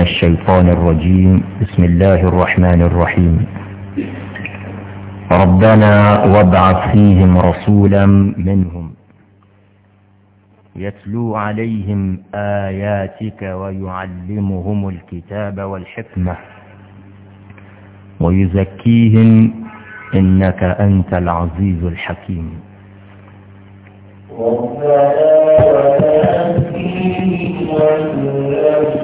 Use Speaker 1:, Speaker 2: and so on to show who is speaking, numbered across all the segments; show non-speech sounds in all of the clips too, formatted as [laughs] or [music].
Speaker 1: الشيطان الرجيم بسم الله الرحمن الرحيم
Speaker 2: ربنا وابعث فيهم
Speaker 1: رسولا منهم يتلو عليهم آياتك ويعلمهم الكتاب والحكمة ويزكيهم إنك أنت العزيز الحكيم ربنا وابعث فيهم رسولا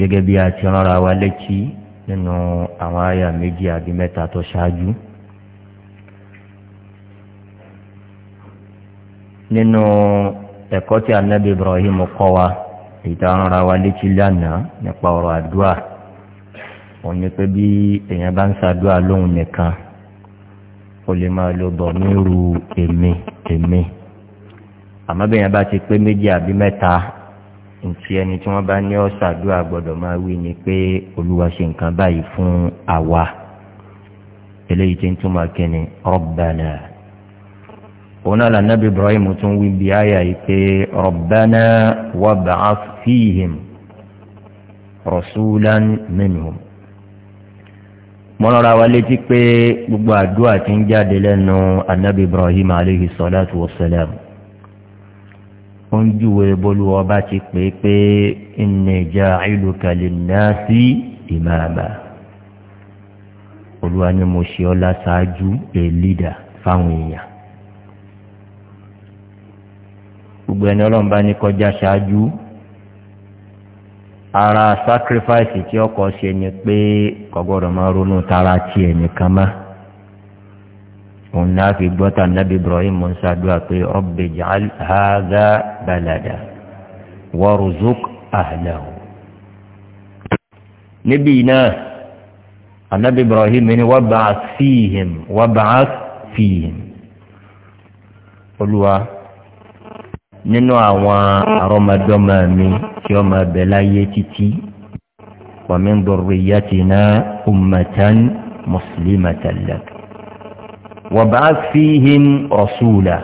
Speaker 1: gẹ́gẹ́ bí a ti ránra wa létí nínú àwọn àyà méjì àbí mẹ́ta tó ṣáájú. nínú ẹ̀kọ́ tí anabi ibrahim kọ́ wa ìta ránra wa létí lánàá nípa ọ̀rọ̀ àdúrà òun ni pé bí èèyàn bá ń ṣàdúrà lóhun nìkan o lè máa lo bọ̀ nírú èmi èmi àmọ́ bí èèyàn bá ti pé méjì àbí mẹ́ta ntí ẹni tí wọ́n bá ní ọ̀sàdúrà gbọ́dọ̀ máa wí ni pé olúwa ṣe nǹkan báyìí fún àwa eléyìí tí ń túmọ̀ kínní ọ̀bànà òun náà lànà bí ibrahim tún wí bí àyà yìí pé ọ̀bànà wà bá a fìhìm rọ̀ṣúlán mẹ́nuhùn mọ́nara wa létí pé gbogbo àdúrà ti ń jáde lẹ́nu anabi ibrahim aleyhi sọ́lá tó wọ́sẹ̀lẹ́mù. ń júwe bólú ọba ti pè é pé ìnìjà ìlú si ìmàmà olúwa ni mo ṣe ọ́ láṣáájú elida leader fáwọn èèyàn gbogbo ẹni ọlọ́run ní ara sacrifice tí ọkọ̀ ṣe ni pé kọ́gbọ́dọ̀ máa ronú tara tiẹ̀ nìkan máa. في دوتا النبي إبراهيم موسى دواتي رب اجعل هذا بلدا وارزق أهله نبينا النبي إبراهيم من وبعث فيهم وابعث فيهم قلوا ننوى عوى رمضان مامي يوم بلايتي ومن ذريتنا أمة مسلمة لك wọ̀bá fíhìm ọ̀ṣùlà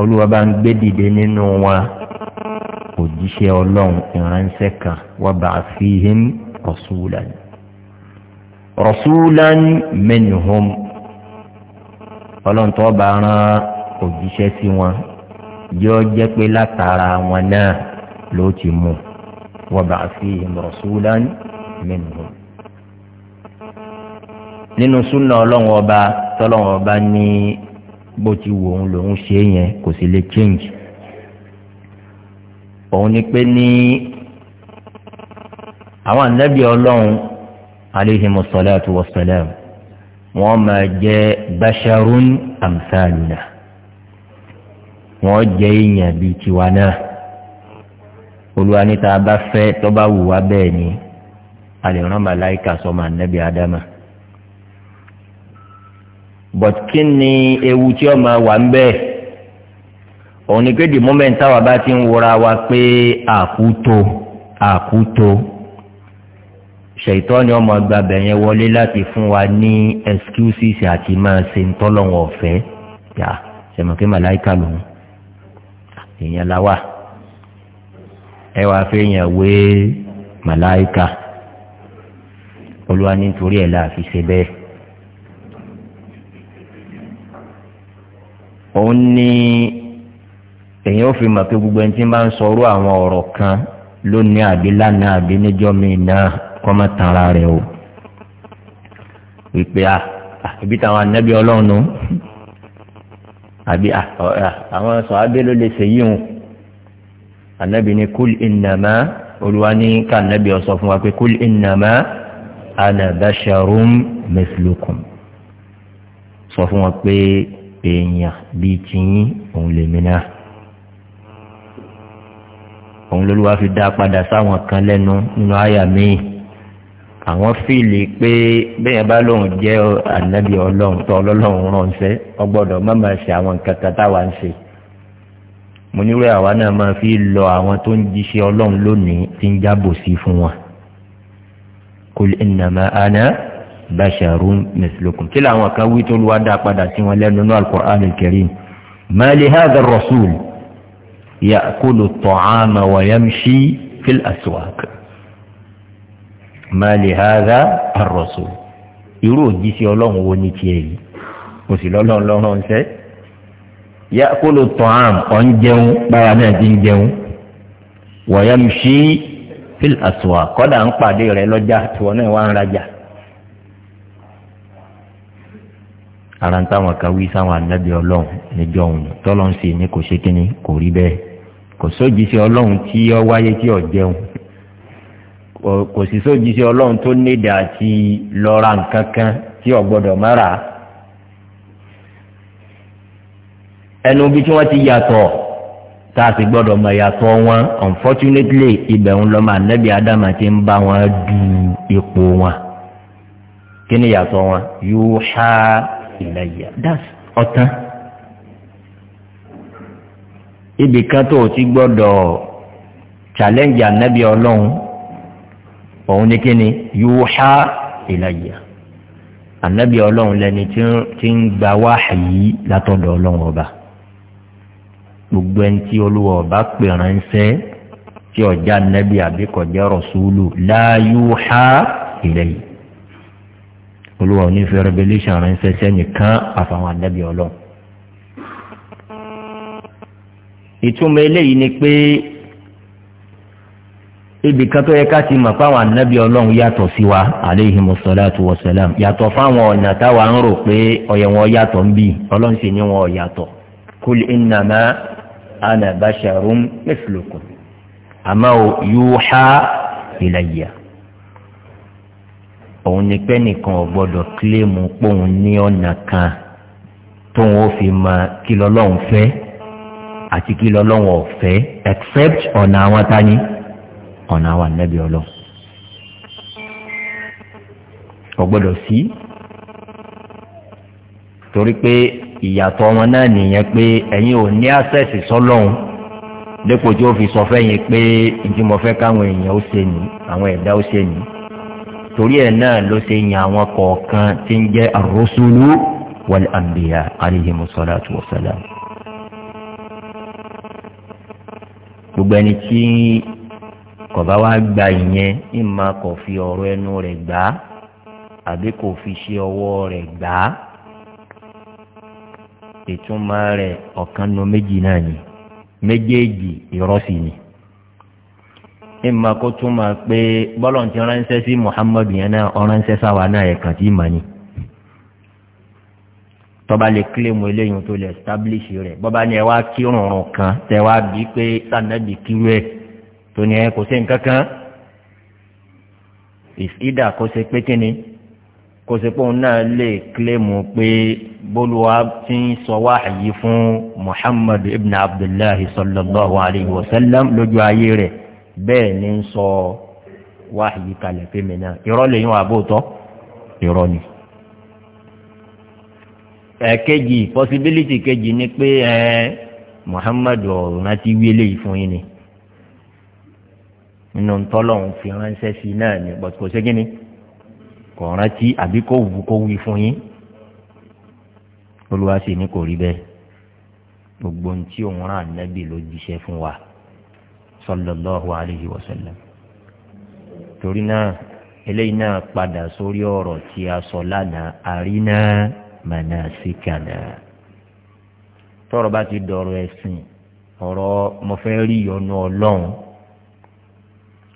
Speaker 1: olúwa bá ń gbé dìde nínú wa òjíṣẹ́ ọlọ́run ìránṣẹ́ kan wọ̀bá fíhìm ọ̀ṣùlà ọ̀ṣùlà mẹ́nìhóm ọlọ́run tó bá rán òjíṣẹ́ sí wọn yóò jẹ́ pé látara wọn náà ló ti mú wọ̀bá fíhìm ọ̀ṣùlà nínú súnà ọlọ́run ọba tọ́lọ́run ọba ní bó ti wù òun lòun ṣe é yẹn kò sì lè change òun ni pé ní àwọn ànábì ọlọ́run aleihimu salatu wa salam wọ́n máa jẹ́ basharun amsaluna wọ́n jẹ́ èèyàn bíi tiwa náà olùwà níta bá fẹ́ tọ́ wù wá bẹ́ẹ̀ ni a lè rán màláìka sọ́mọ ànábì ádámà but kí ni ewu tí ó máa wà ń bẹ́ẹ̀ òun ni pé the moment táwa bá ti ń wura wa pé àkútó àkútó ṣètọ́ ni ọmọ gbàgbẹ́ yẹn wọlé láti fún wa ní excuses àti máa ṣe ń tọ́lọ́wọ̀n ọ̀fẹ́ yà ṣèmọ̀ pé màláìka lòun èèyàn la wà ẹ wàá fẹ́ yàn wé màláìka olúwa nítorí ẹ̀ la ṣe bẹ́ẹ̀. òun ní èyàn ò fi mọ̀ pé gbogbo ẹni tí ń bá ń sọrú àwọn ọ̀rọ̀ kan lónìí àbí lánàá àbí níjọ́ mi náà kọ́ má tan ara rẹ̀ o wípé a ah, ah, ibi táwọn anábì ọlọ́run nù àbí ah, àwọn sọ̀hábẹ́ ló lè ṣèyí o anábì ní kúl ìnàmá olùwà ní ká anábì ọ̀sọ̀ fún wa pé kúl ìnàmá ànàbàṣàrùm mẹsìlùkùn sọ fún wa pé èèyàn bíi tiyín òun lèmi náà òun lolúwa fi dá padà sáwọn kan lẹ́nu nínú àyà míì àwọn fíìlì pé bẹ́ẹ̀ bá lóun jẹ́ ànábì ọlọ́run tó ọlọ́run ránṣẹ́ ọgbọ́dọ̀ má máa ṣe àwọn nǹkan kan táwa ń ṣe mo ní wẹ́ àwa náà máa fi lọ àwọn tó ń jíṣẹ́ ọlọ́run lónìí tí ń jábòsí fún wọn kò lè nàmá àná basharun mislukum kí làwọn kan wí tó lùwà dá padà sí wọn lẹ́nu ní alukur'an alkarim mali hadha rasul ya'kulu ta'ama wa yamshi fil aswaq mali hadha rasul irú òjísé ọlọ́run wo ní tiẹ̀ yìí kò sí lọ́lọ́run lọ́rùn ṣẹ́ ya'kulu ta'ama ọ̀ ń jẹun bára náà ti ń jẹun wa yamshi fil aswaq kọ́dà ń pàdé rẹ̀ lọ́jà tí wọn náà wà ń rajà. ara ń táwọn kan wí sáwọn anábì ọlọ́run níjọ òun tọ́lọ́n sì ní kò ṣe kínní kò rí bẹ́ẹ̀ kò sójíṣẹ́ ọlọ́run tí ọ wáyé tí ọ jẹun kò sì sójíṣẹ́ ọlọ́run tó nídà àti lọ́ra nǹkan kan tí ọ gbọ́dọ̀ má rà ẹnu bí tí wọ́n ti yàtọ̀ tá a sì gbọ́dọ̀ mọ̀ yàtọ̀ wọn unfortunately ibẹ̀ ń lọ́mọ anábì adama ti ń bá wọn du ipò wọn kí ni yàtọ̀ wọn yóò ṣáá ìlàyà that's ọ̀tán ibì kan tó o ti gbọ́dọ̀ challenge anabi ọlọ́run òun ni kí ni yuha ìlàyà anabi ọlọ́run lẹni tí ń gba wáhàyí látọ̀dọ̀ ọlọ́run ọba gbogbo ẹni tí olúwa ọba pè ránṣẹ́ tí ọjà anabi àbíkọ̀jẹ́ rọ̀ṣúlù la yuha ìlàyà olúwa ò ní fẹ́ revolution ránṣẹ́ sẹ́nìkan àfàwọn ànábì ọlọ́run. ìtumọ̀ eléyìí ni pé ibi kan tó yẹ ká ti mọ̀ fáwọn ànábì ọlọ́run yàtọ̀ sí wa aleyhi musalatu wasalam yàtọ̀ fáwọn ọ̀nà táwa ń rò pé ọ̀yẹ̀ wọn yàtọ̀ ń bì ọlọ́run sì ní wọn yàtọ̀ kúlì ìnàmá ànàbàṣàrún mẹ́fìlùkù àmọ́ yóò há ìlàyà òun ni pé nìkan ò gbọ́dọ̀ kílèmù póun ní ọ̀nà kan tóun ó fi mọ kí lọ́lọ́run fẹ́ àti kí lọ́lọ́run ọ̀fẹ́ except ọ̀nà àwọn tání ọ̀nà àwọn ànábì ọlọ́run ò gbọ́dọ̀ sí torí pé ìyàtọ̀ wọn náà nìyẹn pé ẹ̀yin ò ní access sọ́lọ́run dépò tí ó fi sọ fẹ́yìn pé ìdí mo fẹ́ káwọn èèyàn ó ṣe nìyí àwọn ẹ̀dá ó ṣe nìyí. torí ẹ̀ náà ló ṣe yan àwọn kọ̀ọ̀kan tí ń jẹ́ àròsúlù wàlẹ àmbìyà àríyé tuwo salam. gbogbo ẹni tí kọba wa gba ìyẹn ìmà kò fi ọ̀rọ̀ ẹnu rẹ̀ gbà àbí kò fi ṣe ọwọ́ rẹ̀ gbà ìtumọ̀ rẹ̀ ọ̀kan nu méjì ni méjèèjì ìrọ́sì ni. ìmọ̀ kó tún máa pé bọ́lọ̀ ti ránṣẹ́ sí muhammadu yẹn náà ọ̀ránṣẹ́ sáwa náà ẹ̀ kàn tí mà ní. tọ́ba lè kílèmù eléyìí tó lè establish rẹ̀ bọ́ba ni ẹ wá kírun kan tẹ wá bí pé sànẹ́bì kírú ẹ̀ tó ní ẹ kò sí nǹkan kan ìsídà kó pé kíni kó ṣe pé òun náà lè kílèmù pé bólúwa ti ń sọ wá fún muhammadu ibn abdullahi sallallahu alayhi wa sallam lójú ayé rẹ̀. bẹ́ẹ̀ ni ń sọ wáyé kalẹ̀ fẹ́mi náà irọ́ lè yún ni. ẹ̀ẹ́kejì possibility kejì ni pé ẹ̀ẹ́ muhammadu ọ̀rùn ti wí eléyìí fún yín ni nínú ntọ́lọ́hún fi ránṣẹ́ sí i náà ni bọ́t kò kò rántí àbí kò wù kó wí fún yín olùwàsí gbogbo ohun tí òun rán ànábì ló jíṣẹ́ wa. sallallahu alayhi wa sallam torí náà eléyìí náà padà sórí ọ̀rọ̀ tí a sọ lánàá àríná mànàsíkànà tọrọ bá ti dọ̀rọ̀ ẹ̀sìn ọ̀rọ̀ mo fẹ́ rí ìyọnu ọlọ́run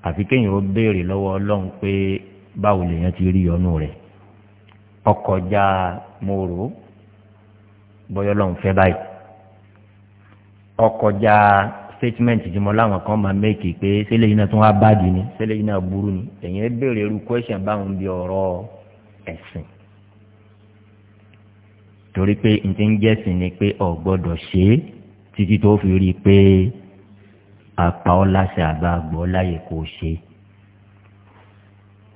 Speaker 1: àfi kéèyàn ó béèrè lọ́wọ́ ọlọ́run pé báwo lèèyàn ti rí ìyọnu rẹ̀ ọkọjá mo bọ́yọ́ ọlọ́run fẹ́ báyìí ọkọjá statement tí mo láwọn kan máa méèkì pé sẹ́lẹ̀ yìí náà tún wá báàdì ni sẹ́lẹ̀ yìí náà burú ni èyàn béèrè irú question báwọn bí ọ̀rọ̀ ẹ̀sìn torí pé n ti ń jẹ́sìn ni pé ọ̀ gbọ́dọ̀ ṣe é títí tó fi rí i pé apá ọ láṣẹ àbá àgbọ̀ láyè kò ṣe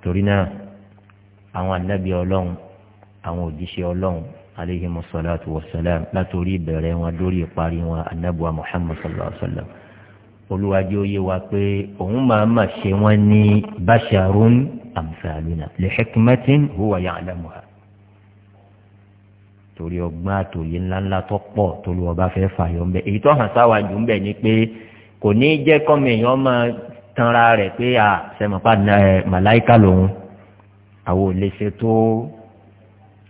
Speaker 1: torí náà àwọn ànábì ọlọ́run àwọn òjíṣẹ́ ọlọ́run aleyhi الصلاة والسلام لا ìbẹ̀rẹ̀ wọn ودري ìparí wọn محمد صلى الله عليه وسلم sallam olùwàjì oyè wa pé òun máa ma ṣe wọn ní basharun amsaluna li hikmatin huwa ya'lamuha torí ọgbọ́n àtòyè ńláńlá tó pọ̀ torí ọba fẹ́ fàyọ̀ ńbẹ èyí tó hàn sáwájú ńbẹ ni pé kò ní jẹ́ kọ́mi èèyàn máa tanra rẹ̀ pé à sẹ́mọ̀pá màláìka lòun àwọn ò lè ṣe tó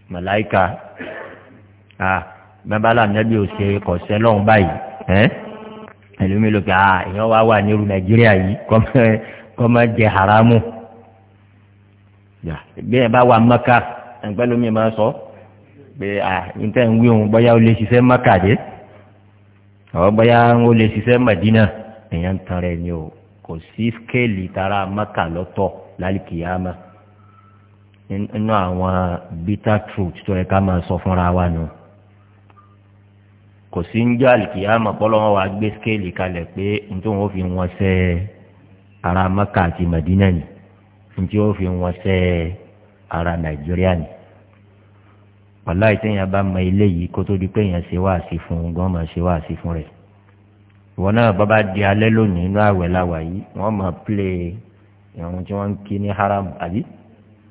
Speaker 1: màláìka à babalá nàbí òsè kọ̀ọ̀sẹ́ lọ́hùn báyìí ẹ́ ẹlòmíì lókè à èèyàn wá wà ní irú nàìjíríà yìí kọ́ máa jẹ haramu bí ẹ bá wà mọ́kà ẹ̀ǹpẹ́ lómi máa sọ pé à níta ń wí òun bọ́yá ó lè ṣiṣẹ́ mọ́kà dé ọ̀ bọ́yá ó lè ṣiṣẹ́ màdínà èèyàn ń tan rẹ̀ ni o kò sí skéèlì tara mọ́kà lọ́tọ̀ lálìkìyàmá nínú àwọn bitter truth tó yẹ ká máa sọ fúnra wa nù kò sí ń jẹ́ àlìkìyàmọ̀ pọ́lọ́wọ́ wa gbé skéèlì kalẹ̀ pé nítorí wọn fi wọn sẹ́ ara maka àti madina ni nítorí wọn fi wọn sẹ́ ara nàìjíríà ni wàláì téèyàn bá mọ eléyìí kó tó di pé èèyàn ṣe wá sí fún un gan máa ṣe wá sí fún rẹ̀ ìwọ náà bá di alẹ́ lónìí inú àwẹ̀ làwà yìí wọ́n máa pílẹ̀ ìrùn tí wọ́n ń kí ní haram àbí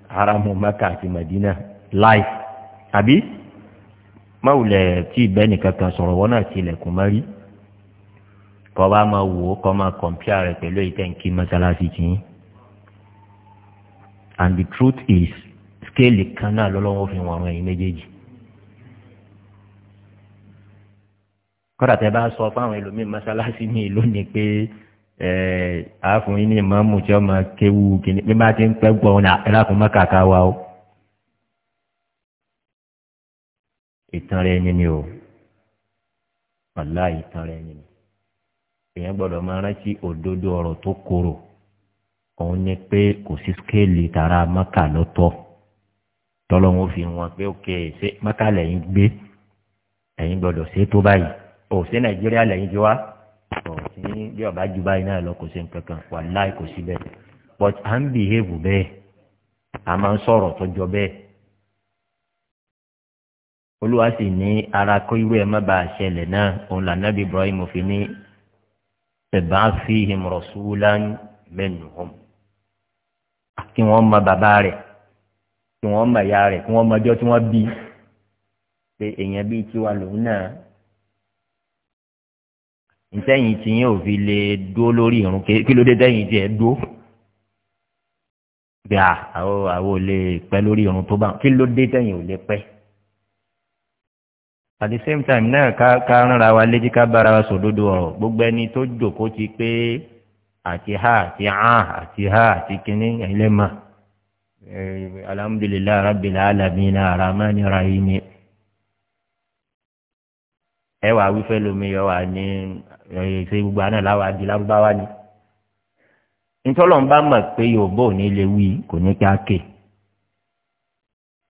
Speaker 1: haramu maka àti madina láì àbí máwùlẹ̀ tí ìbẹ́ni kankan sọ̀rọ̀ wọn náà tilẹ̀kùn mọ́rí kọ́ bá máa wò ó kọ́ máa kọ̀m̀píà rẹ̀ pẹ̀lú ìtẹ̀ǹkì mọ́sálásí tì í and the truth is scale kan náà lọ́lọ́wọ́ fi wọ̀n ẹ̀yin méjèèjì. kọ́dà tẹ bá sọ fáwọn ẹlòmíín mọ́sálásí ní ìlú ni pé. àáfún yín ní ìmọ̀ọ́mù tí ọmọ kéwu kìíní bí bá ti ń pẹ́ gbọ́ ọ̀nà ẹ̀rákùn mọ́kàkà wa o. ìtàn rẹ̀ ni o wàlá ìtàn rẹ̀ ni ni èèyàn gbọ́dọ̀ máa rántí òdodo ọ̀rọ̀ tó korò òun ni pé kò sí skéèlì tara mọ́kà lọ́tọ̀ tọ́lọ́hún fi wọn pé òkè ṣé mọ́kà lẹ́yìn gbé ẹ̀yìn sí bí ọba jù báyìí náà lọ kò sí nǹkan kan wà láì kò sí bẹ́ẹ̀ but à ń bìhéèvù bẹ́ẹ̀ à máa ń sọ̀rọ̀ tó jọ bẹ́ẹ̀ olúwa sì ní ara kó irú ẹ má bàa ṣẹlẹ̀ náà òun lànà bí ibrahim fi ní ẹ̀bá fi ìmọ̀ràn sùúlá mẹ́nu hàn kí wọ́n mọ bàbá rẹ̀ kí wọ́n mọ ìyá rẹ̀ kí wọ́n mọ ọjọ́ tí wọ́n bí pé èèyàn bíi tiwa lòun náà ntẹ́yìn tí yín ò fi lè dúó lórí irun kí ló dé tẹ́yìn tí ẹ dúó bí a àwọn àwọn ò lè pẹ́ lórí irun tó bá kí ló dé tẹ́yìn ò lè pẹ́. at the same time náà ká ká ránra wa létí ká bára wa sòdodo ọ̀rọ̀ gbogbo ẹni tó jòkóó ti pé àti ha àti hàn àti ha àti kínní ẹlẹ́mà alhamdulilayi rabil alamina aramani rahimi ẹ wàá wífẹ́ lómi yọ wà ní ṣe gbogbo àná láwa di lárúbáwá ni ntọ́lọ̀ ń bá mọ̀ pé yorùbá ò ní lè wí kò ní ká ké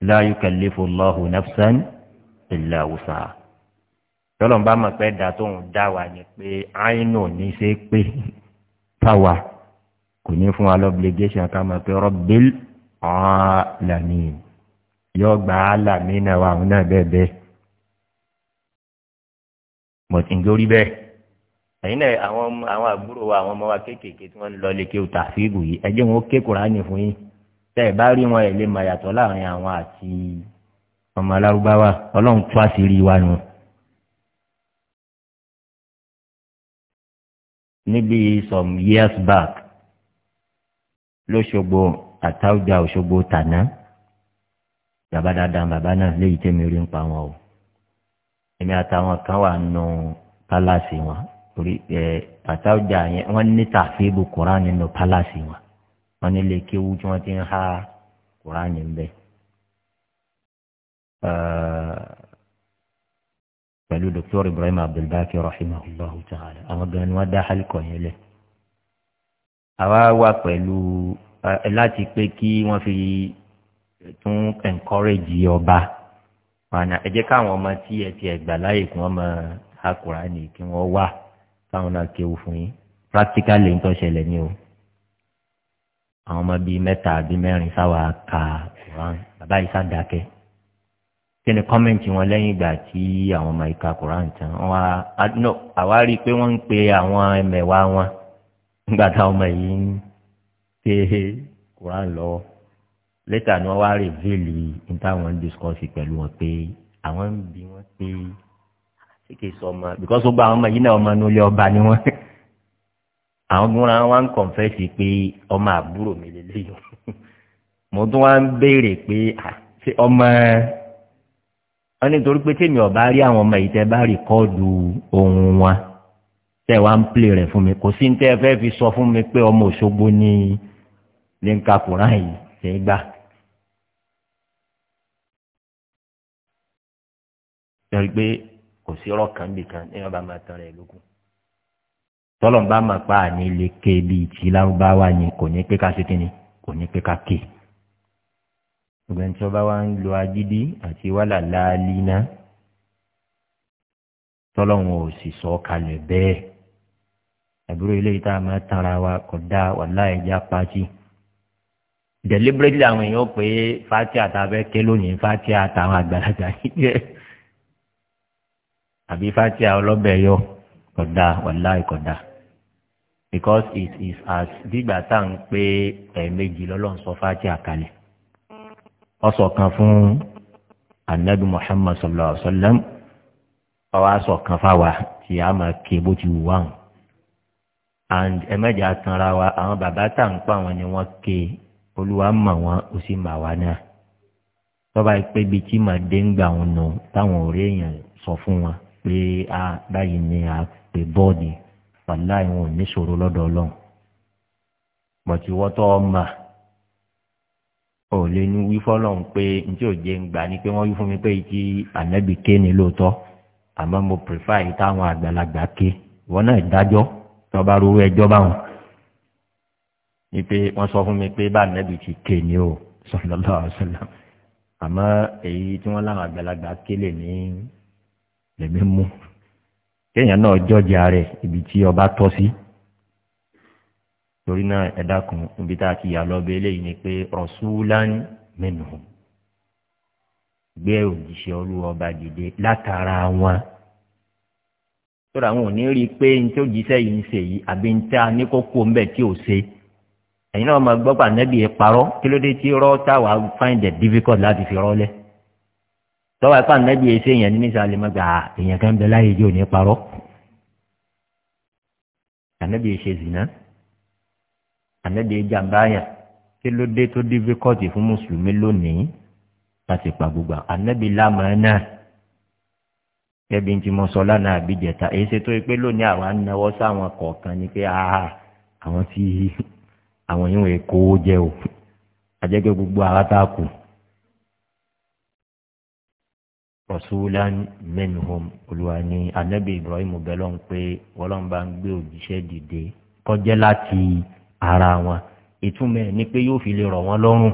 Speaker 1: láyé kẹlẹ́fọ́ lọ́hùn nẹ́fṣán ìlà òòsà tọ́lọ̀ ń bá mọ̀ pé dà tó ń dá wa ni pé àìnù ní ṣe pé táwa kò ní fún wa lọ́bìlẹ́gẹ́sìn ká mọ̀ pé rọ́bìl ọ̀làmì yọ gbà á làmì náà wà àwọn náà bẹ́ẹ̀ bẹ́ẹ̀ mọ̀tìngórí bẹ́ẹ̀ ẹ̀yin náà àwọn àwọn àbúrò wa àwọn ọmọ wa kéékèèké tí wọ́n ń lọ lékè òtà fíìbù yìí ẹ jẹ́ wọn ó ké kùránì fún yín tẹ́ ẹ bá rí wọn ẹ̀ lè mà yàtọ̀ láàrin àwọn àti ọmọ alárúbáwá ọlọ́run tú àṣírí wa nù. níbi some years back lóṣogbo àtàwùjá òṣogbo tàná bàbá dáadáa bàbá náà léyìí tẹ́mi rí ń pa wọn o èmi àtàwọn kan wà nù pálásì wọn torí ẹ àtàwùjà yẹn wọ́n ní tàfíìbù koran nínú pálásì wọn wọ́n ní lè kéwu tí wọ́n ti ń ha koran ń bẹ. pẹ̀lú dr ibrahim abdulbaki rahimahullah ta'ala àwọn gan ni wọ́n dá hálíkọ̀ yẹn lẹ̀. àwa wà pẹ̀lú láti pé kí wọ́n fi tún encourage ọba ẹ jẹ́ káwọn ọmọ tí ẹ ti ẹ̀gbà láàyè kí wọ́n máa ha koran kí wọ́n wà táwọn náà kéwu fún yín practically ń tó ṣẹlẹ̀ ní o àwọn ọmọ bíi mẹ́ta àbí mẹ́rin sáwà ka quran bàbá yìí sàdákẹ́ kí ni kọ́mẹ̀ntì wọn lẹ́yìn ìgbà tí àwọn ọmọ ìka quran tán wọn àwa rí i pé wọ́n ń pe àwọn ẹ̀mẹ̀wá wọn [laughs] nígbà táwọn ọmọ yìí ń ké quran lọ́wọ́ lẹ́tà ni wọ́n wá rèvéèlì ní táwọn ń discuss pẹ̀lú wọn pé àwọn ń bi wọ́n pé tí kì í sọ ọmọ because ó gba àwọn ọmọ yìí náà ọmọ inú ilé ọba ni [laughs] wọn àwọn tó ń ra wọn kọ̀ǹfẹ́sì pé ọmọ àbúrò mi lélẹ́yìn [laughs] mo tún wá ń béèrè pé ṣé ọmọ wọn nítorí pé tèmi ọba rí àwọn ọmọ yìí tẹ bá rìkọ́ọ̀dù ohun wọn tẹ wá ń plé rẹ fún mi kò sí tẹ fẹ́ fi sọ fún mi pé ọmọ òṣogbo ni ní ń ka yìí ṣe é gbà. tẹ̀rí pé kò sí rọ́ọ̀kan bìkan ní ọba máa tan rẹ̀ lókun tọ́lọ̀ bá máa pa àní lè ké bíi ti lárúbáwá ni kò ní pé ká ṣe kíni kò ní pé ká ké ìgbẹ́ni tí ọba wa ń lo agídí àti wàhálà láàlì náà tọ́lọ́hún ò sì sọ kalẹ̀ bẹ́ẹ̀ àbúrò eléyìí tá a máa tanra wa kò dá wàhálà ẹ̀já pàtì deliberately àwọn èèyàn pé fatia tá a fẹ́ ké lónìí fatia táwọn àgbàlagbà yìí jẹ́ àbí fatia ọlọ́bẹ̀ yọ kọ̀dá wàláì kọ̀dá because it is as bígbà tá à ń pé ẹ̀ẹ̀mejì lọ́lọ́run sọ fatia kalẹ̀ ọ̀sọ̀ kan fún anabi muhammad sallallahu alaihi wa sallam ọwọ́ aṣọ kan fáwa tí a máa ké bó ti wù wáhùn and ẹ̀mẹ́jì atanra wa àwọn bàbá tá à ń pa àwọn ni wọ́n ké olúwa mọ̀ wọ́n ó sì mà wá náà tọ́ba ìpébi tí màá dé ń gbà wọn nù táwọn ọ̀rẹ́ èèyàn sọ fún wọn pé a báyìí ni a pè bọ́ọ̀dì wàláì wọn ò ní ṣòro lọ́dọ̀ ọlọ́run bọ̀tí wọ́tọ́ ọmọ ò lè ní wí fọ́lọ́run pé n tí ò jẹ́ ń gbà ni pé wọ́n wí fún mi pé ìdí ànábì ké ni lóòótọ́ àmọ́ mo pèfà yìí táwọn àgbàlagbà ké ìwọ náà dájọ́ tọ́ba rúwé ẹjọ́ báwọn ni pé wọ́n sọ fún mi pé bá ànábì ti ké ni o sọlọ́lá ọ̀sán àmọ́ èyí tí wọ́n láwọn àgbàlagbà ké lè ní lèmi mú kéèyàn náà jọjà rẹ̀ ibi tí ọba tọ́ sí torí náà ẹ dákun níbi tá a ti yà lọ bí eléyìí ni pé rọ̀ṣúlán mẹ́nu gbé òjíṣẹ́ olúwa ọba dìde látara wọn tóra àwọn ò ní rí i pé ní tó jíṣẹ́ yìí ń ṣe yìí àbí ní tá a ní kó kó ń bẹ̀ tí ò ṣe ẹ̀yin náà máa gbọ́ pàǹdẹ́bì ẹ̀ parọ́ kí ló dé tí rọ́ táwa find it difficult láti fi rọ́ lẹ́ tọ́wọ́ ẹ̀pá nẹ́bí ẹ̀ṣẹ́ èèyàn ní nísà lè mọ́gbà èèyàn kan bẹ láyé jẹ́ òní parọ́ ànẹ́bí ẹ̀ṣẹ́ zìnà ànẹ́bí ẹ̀jàmbáyà kí ló dé tó dé fíkọ́ọ̀tì fún mùsùlùmí lónìí láti pa gbogbo ànẹ́bí lámàá náà kẹ́bi tí mo sọ lánàá àbíjẹta èyí ṣe tó yẹ pé lónìí àwa ń náwó sáwọn kọ̀ọ̀kan ni pé àwọn tí àwọn yìí wọ́n kó jẹ́ o àjẹgẹ́ gbogbo àrátà kù rasulan minhum olùwà ní anabi ibrahim bẹlọ ń pé wọlọ́n bá ń gbé òjíṣẹ́ dìde kọjá láti ara wọn ìtumọ̀ ẹ̀ ni pé yóò fi lè rọ̀ wọ́n lọ́rùn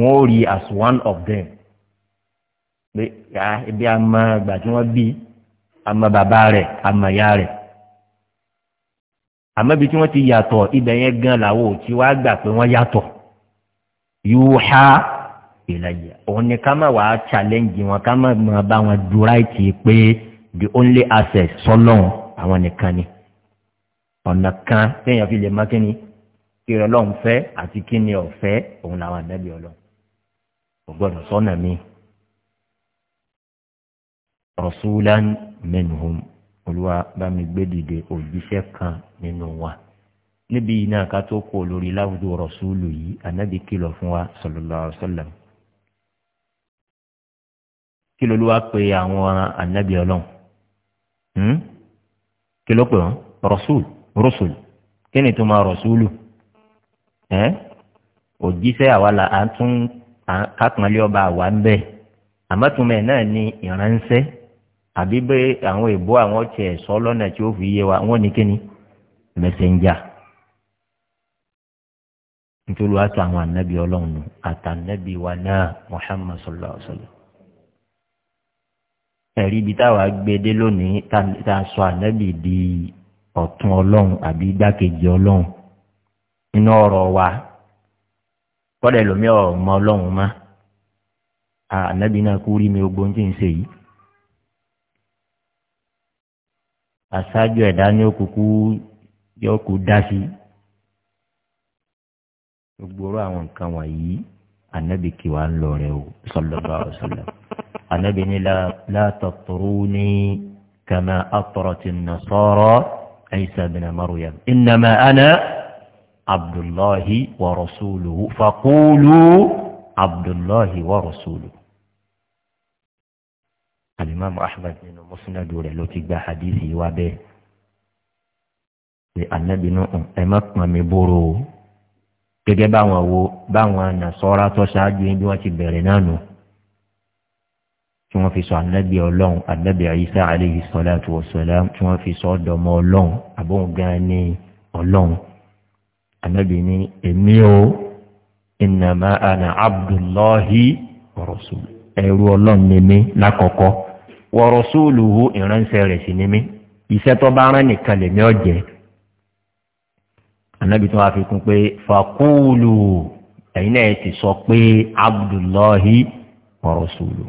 Speaker 1: wọn ò rí as one of them pé ibi àmọ́ ìgbà tí wọ́n bí àmọ́ bàbá rẹ̀ àmọ́ ìyá rẹ̀ àmọ́ ibi tí wọ́n ti yàtọ̀ ibẹ̀ yẹn gan làwọn ò ti wá gbà pé wọ́n yàtọ̀ yóò há ìlàyà òun ni ká má wàá challenge wọn ká má má bá wọn du ráìtì pé the only access sọlọ́run àwọn nìkan ni ọ̀nà kan téèyàn fi lè má kíni kí ọlọ́run fẹ́ àti kíni ọ̀fẹ́ òun làwọn àdábì ọlọ́run kò gbọ́dọ̀ sọ́nà mi. rasulan menhum olúwa bá mi gbé dìde òjíṣẹ́ kan nínú wa níbi iná ká tó kó lórí láwùjọ rọ̀ṣúlù yìí anábì kìlọ̀ fún wa sọlọ́lá ọ̀sọ́lẹ̀mù kí ló ló wá pe àwọn ànábì ọlọ́run hmm? kí ló pè wọ́n rọ́ṣùl rọ́ṣùl kí ni tó máa rọ́ṣùlù òjíṣẹ́ àwa la à ń tún kápẹ́lẹ́ ọba àwa ń bẹ̀ àmọ́túnmẹ̀ náà ni ìránṣẹ́ àbí pé àwọn ìbò àwọn tiẹ̀ sọ lọ́nà tí ó fi yé wa wọ́n ní kíni mẹsẹ̀njà nítorí wàá sọ àwọn ànábì ọlọ́run àtànábì wa náà muhammad sallallahu alaihi wa sallam ẹ̀rí ibi táwa gbede lónìí tá a sọ ànábì di ọ̀tún ọlọ́run àbí igbákejì ọlọ́run nínú ọ̀rọ̀ wa kọ́dẹ̀ lómi ọ̀mọ ọlọ́run má ànábì náà kú rí mi ogbó tí ń ṣe yìí. àṣáájú ẹ̀dá ní òkùnkù yóò kú dá sí gbogbo àwọn nǹkan wọ̀nyí ànábì kí wa ń lọ rẹ o sọlọ́ba ọ̀sọ̀lọ́ ànábì ní látọ̀tọ̀rọ̀ ní kàmá àtọ̀rọ̀ ti nà sọ́rọ̀ ẹ̀yíṣà bìnà mariam ìnàmà àná abdullahi wa rasuluhu fakulu abdullahi wa rasuluhu. alimami ahmed nínú musnadu rẹ̀ ló ti gba hadithi wa bẹ́ẹ̀ pé ànábì náà ẹ má pọn mi bóró o gẹ́gẹ́ báwọn wo báwọn nàṣọ́ra tó ṣáájú yín bí wọ́n ti bẹ̀rẹ̀ náà nù. No tí wọ́n fi sọ anábì ọlọ́run anábì ayíṣà àlẹ́yìí sọlá tó sọlá tí wọ́n fi sọ ọ̀dọ́mọ ọlọ́run àbóhùn gan ni ọlọ́run anábì ní èmi o ìnàmá àná abdullahi rọ̀ṣùlù ẹ̀rú ọlọ́run ni mí lákọ̀ọ́kọ́ wọ rọ̀ṣùlù hu ìránṣẹ́ rẹ̀ sí ni mí iṣẹ́ tó bá rán nìkan lèmi ọ̀jẹ̀ anábì tó wá fi kún pé fàkúùlù ẹ̀yin náà ti sọ pé abdullahi rọ̀ṣùlù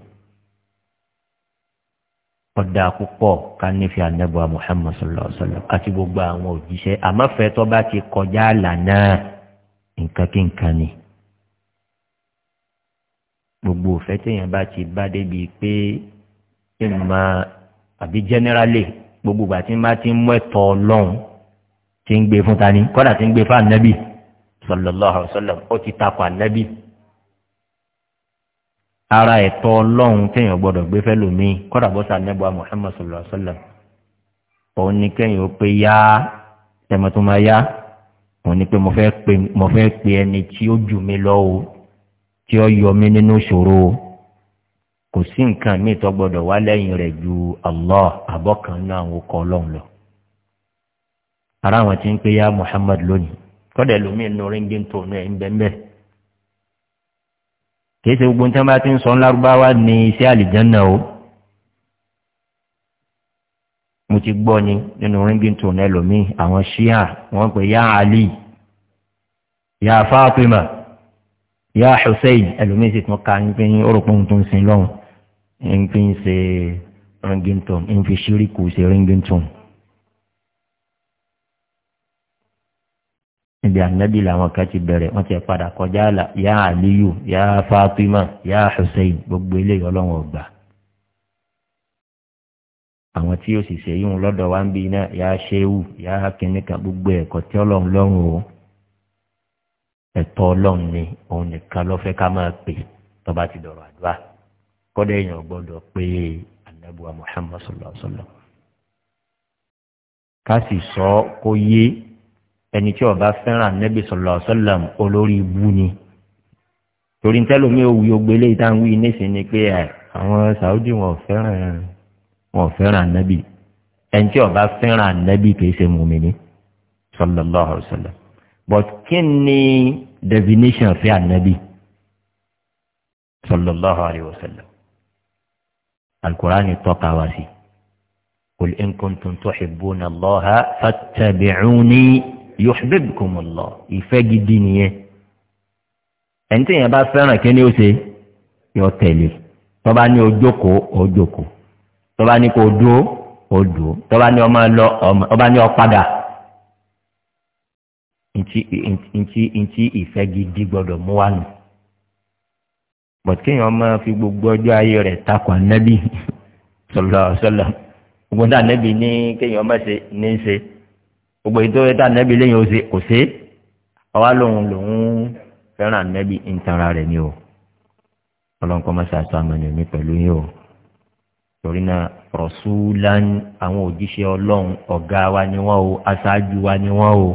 Speaker 1: ọ̀dà púpọ̀ ká nífẹ̀ẹ́ anábọ̀à muhammed sallallahu alayhi wa sallam àti gbogbo àwọn òjíṣẹ́ àmọ́fẹ́ tó bá ti kọjá àlà náà nǹkan kí nǹkan ni. gbogbo òfẹ́ téèyàn bá ti bá débi pé kí n máa àbí jẹ́nẹ́rálì gbogbo ìgbà tí n bá ti mú ẹ̀tọ́ ọlọ́run tí ń gbé fún ta ni kọ́dà tí ń gbé fún anábì sallallahu alayhi wa ó ti takò anábì ara ẹ̀tọ́ ọlọ́run kéèyàn gbọ́dọ̀ gbé fẹ́ lómi kọ́dà bọ́sà nẹ́bọ̀ muhammed sọlọ sọlọ òun ni kéèyàn ó pé yá tẹmọ tó máa yá òun ni pé mo fẹ́ pe ẹni tí ó jù mí lọ tí ó yọ mí nínú ìṣòro kò sí nǹkan míì tó gbọ́dọ̀ wá lẹ́yìn rẹ̀ ju allah abọ́kan náà àwọn ọkọ̀ ọlọ́run lọ ara àwọn tí ń pé yá muhammed lónìí kọ́dà lómi nínú ríngìntò náà ń bẹ́ẹ̀ bẹ́ẹ̀ kìí ṣe gbogbo nǹkan bá ti ń sọ ńlárúbáwá ní iṣẹ́ àlìjánná o mo ti gbọ́ ni nínú ríngìntò ẹlòmíì àwọn ṣíà wọ́n pè yá ali yá fatima yá hussein ẹlòmíì sì tún ka nípa yín orúkún tó ń sin lọ́hùn ń fi ṣe ríngìntò ń fi ṣírí kù ṣe ríngìntò. níbi ànábì làwọn kan ti bẹ̀rẹ̀ wọ́n ti padà kọjá àlà yá àlíyù yá fatima yá hussein gbogbo eléyìí ọlọ́run ọgbà àwọn tí yóò sì ṣe yíwọn lọ́dọ̀ wá ń bí iná yá ṣéwù yá kìnnìkan gbogbo ẹ̀kọ́ tí ọlọ́run lọ́rùn o ẹ̀tọ́ ọlọ́run ni òun nìkan lọ́fẹ́ ká máa pè tọ́ba ti dọ̀rọ̀ àdúrà kọ́dọ̀ èèyàn gbọ́dọ̀ pé ànábùwà muhammad sallallahu alaihi wa sallam ká sì sọ kó yé ẹni tí ọba fẹ́ràn nẹ́bí sọ̀lọ̀ sọ́lọ̀ olórí ibú ni torí ń tẹ́lómi òwì ògbélé ìtàwí nísìn ni pé àwọn sàúdì wọn fẹ́ràn wọn fẹ́ràn nẹ́bí ẹni tí ọba fẹ́ràn nẹ́bí kìí ṣe mùmìnì sọ̀lọ̀ lọ́hùn but kí ni definition fẹ́ ànẹ́bí sọ̀lọ̀ lọ́hùn àríwọ̀ tọ́ka wá sí kò lè ń tó ṣe lọ́ha fàtàbíyún yuhibbukumullah ìfẹ́ gidi nìyẹn ẹni tí yẹn bá fẹ́ràn kí ni ó ṣe yọ tẹ̀lé tọ́ba ní ojókòó ojókòó tọ́ba ní kò dúró ó dúró tọ́ba ní ọmọ lọ ọba ní ọ̀padà ntí ntí ìfẹ́ gidi gbọ́dọ̀ mú wa nù bọ̀t kéèyàn máa fi gbogbo ọjọ́ ayé rẹ̀ takò ànábì sọlọ [laughs] sọlọ gbogbo ànábì ní kéèyàn máa ṣe ní í ṣe gbogbo ètò ẹ̀ta nẹ́bí lẹ́yìn ó ṣe kò ṣe ọwá lòun lòun fẹ́ràn nẹ́bí ìtara rẹ̀ ni o ọlọ́nkọ́ máa ṣàtọ́ àmọ́ni mi pẹ̀lú yín o torí náà rọ̀ṣúlán àwọn òjíṣẹ́ ọlọ́run ọ̀gá wa ni wọ́n o aṣáájú wa ni wọ́n o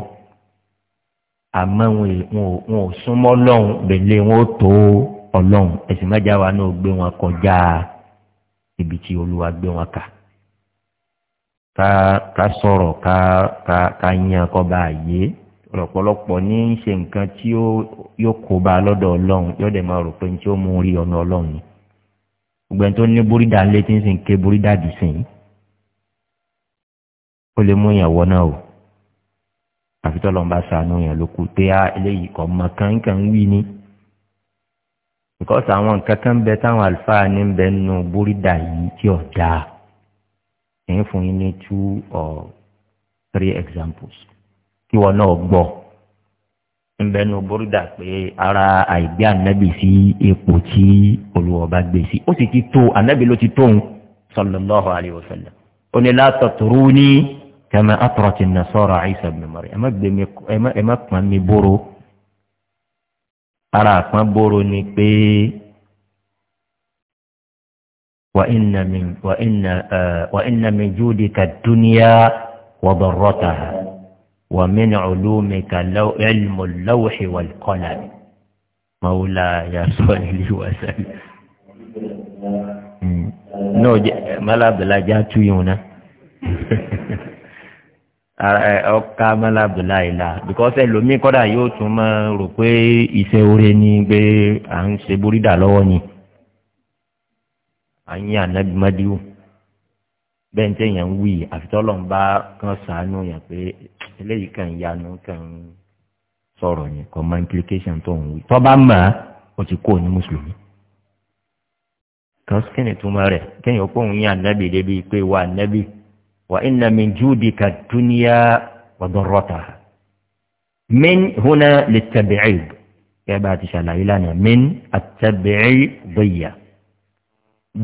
Speaker 1: àmọ́ wọn ò súnmọ́ ọlọ́run bèlè wọn ò tó ọlọ́run ẹ̀sìn mẹ́jà wa náà gbé wọn kọjá ibi tí olúwa gbé wọn kà ka ka ká yan kọba àyè ọ̀pọ̀lọpọ̀ ní í ṣe nǹkan tí yóò kó bá a lọ́dọ̀ ọlọ́run yóò dẹ̀ máa rò pé tí ó mú rí ọ̀nà ọlọ́run ni gbogbo tó ní búrídà ńlé tí ń sìn ké búrídà dì sìn ó lè mú ìyàwó náà o àfi tọ́lọ́ ń bá sànú yẹn ló kú pé á ah, eléyìí kọ́ mọ kankan wí ni because àwọn nǹkan kan bẹ táwọn àlùfáà ní bẹ nù búrídà yìí tí ò dáa èyí fún yín ní two or three examples kí wọn náà gbọ́ nbẹnu bórídà pé ara àìgbé ànábì sí ipò tí olùwọba gbé sí ó sì ti tó ànábì ló ti tóun sọlọlọhùn àlèwòsàlẹ ó ní látọtùrú ní kẹmẹ àtọrọtì nasọrọ àìsàn mẹmọrì ẹ má mi bóró ara àpọn bóró ni pé. وإن من, وإن, آه وإن من جودك الدنيا وضرتها ومن علومك لو علم اللوح والقلم مولاي صل وسلم no malabula ja tuyun na eh. [laughs] ọka ah, eh, oh, malabula ìlà because ẹlòmíín kọ́dà yóò tún máa rò pé iṣẹ́ oore ni pé à ń ṣe búrídà lọ́wọ́ ni à ń yàn ànábi mádìú bẹ́ẹ̀ ní tẹ̀yàn ń wí àfitọ́lọ̀ ń bá kan sàánú yàn pé eléyìí kàn yanu kàn sọ̀rọ̀ yẹn kọ́ mọ implication tó ń wí tọ́ bá mọ̀ ó ti kó ní mùsùlùmí kan kí ni túmọ̀ rẹ̀ kéèyàn kó ń yàn ànábì débi pé wà ànábì wà iná mi ka dúníà ọdún min huna lè tẹ̀bẹ̀ẹ́ kẹ́ bá ti ṣàlàyé lánàá min àtẹ̀bẹ̀ẹ́ bẹ́yà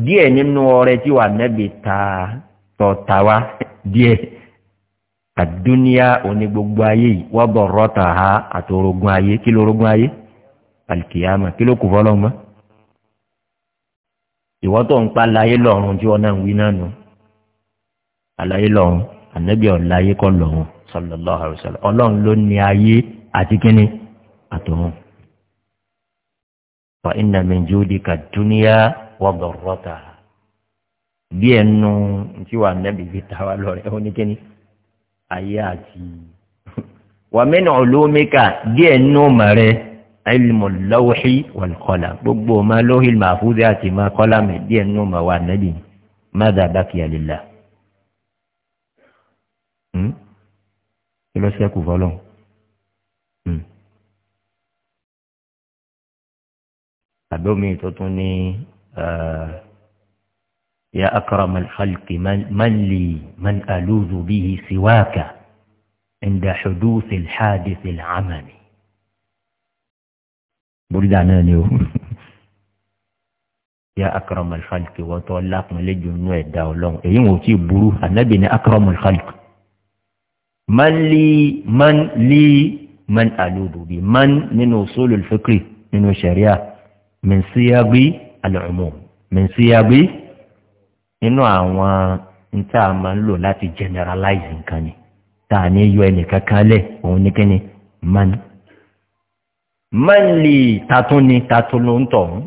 Speaker 1: díẹ̀ nínú ọrẹ tí wà nẹ́bi ta tọ̀ta wa díẹ̀ àdúnyá òní gbogbo ayé yìí wọ́n bọ̀ rọ́ta ha àtòrógún ayé kí lórógún ayé alìkìyàmà kí ló kù fọ́lọ́ mọ́ ìwọ́n tó ń pa láyé lọ́rùn tí wọ́n náà ń wí náà nù aláyé lọ́rùn ànẹ́bí ọ̀láyé kọ́ lọ́rùn sọlọ́lọ́ àrùsọ̀lọ́ ọlọ́run ló ní ayé àti kíni àtòrùn. fa iná mi jù di kàdúnyá wọ́dọ̀rọ́ta bí ẹnu tí wà nẹ́bi fi ta wa lọ́rẹ́ ó ní kíni ayé àti wàmínà olómìkà díẹ̀ nù mọ̀rẹ́ ilmu lọ́wọ́hí wàlùkọ́là gbogbo ọmọ lọ́wọ́hí màfúdé àti má kọ́lá mi díẹ̀ nù mọ̀ wà nẹ́bi má dàbà kìálélà kí ló ṣẹ́kù fọlọ́n. Hmm. àbẹ́ omi tó ní آه، يا أكرم الخلق من, من لي من ألوذ به سواك عند حدوث الحادث العمم بلدانانيو [laughs] يا أكرم الخلق وطلاق ملجون ويداولون إيهم وتي برو النبي أكرم الخلق من لي من لي من ألوذ به من من وصول الفكر من الشريعة من صياغي àlọ́ọ̀mù mẹ̀síyàgbé nínú àwọn níta máa ń lò láti generalize nǹkan ni tá a ní yọ ẹnìkan kalẹ̀ òun ní kíni man man lè tatún ni tatún ló ń tọ̀hún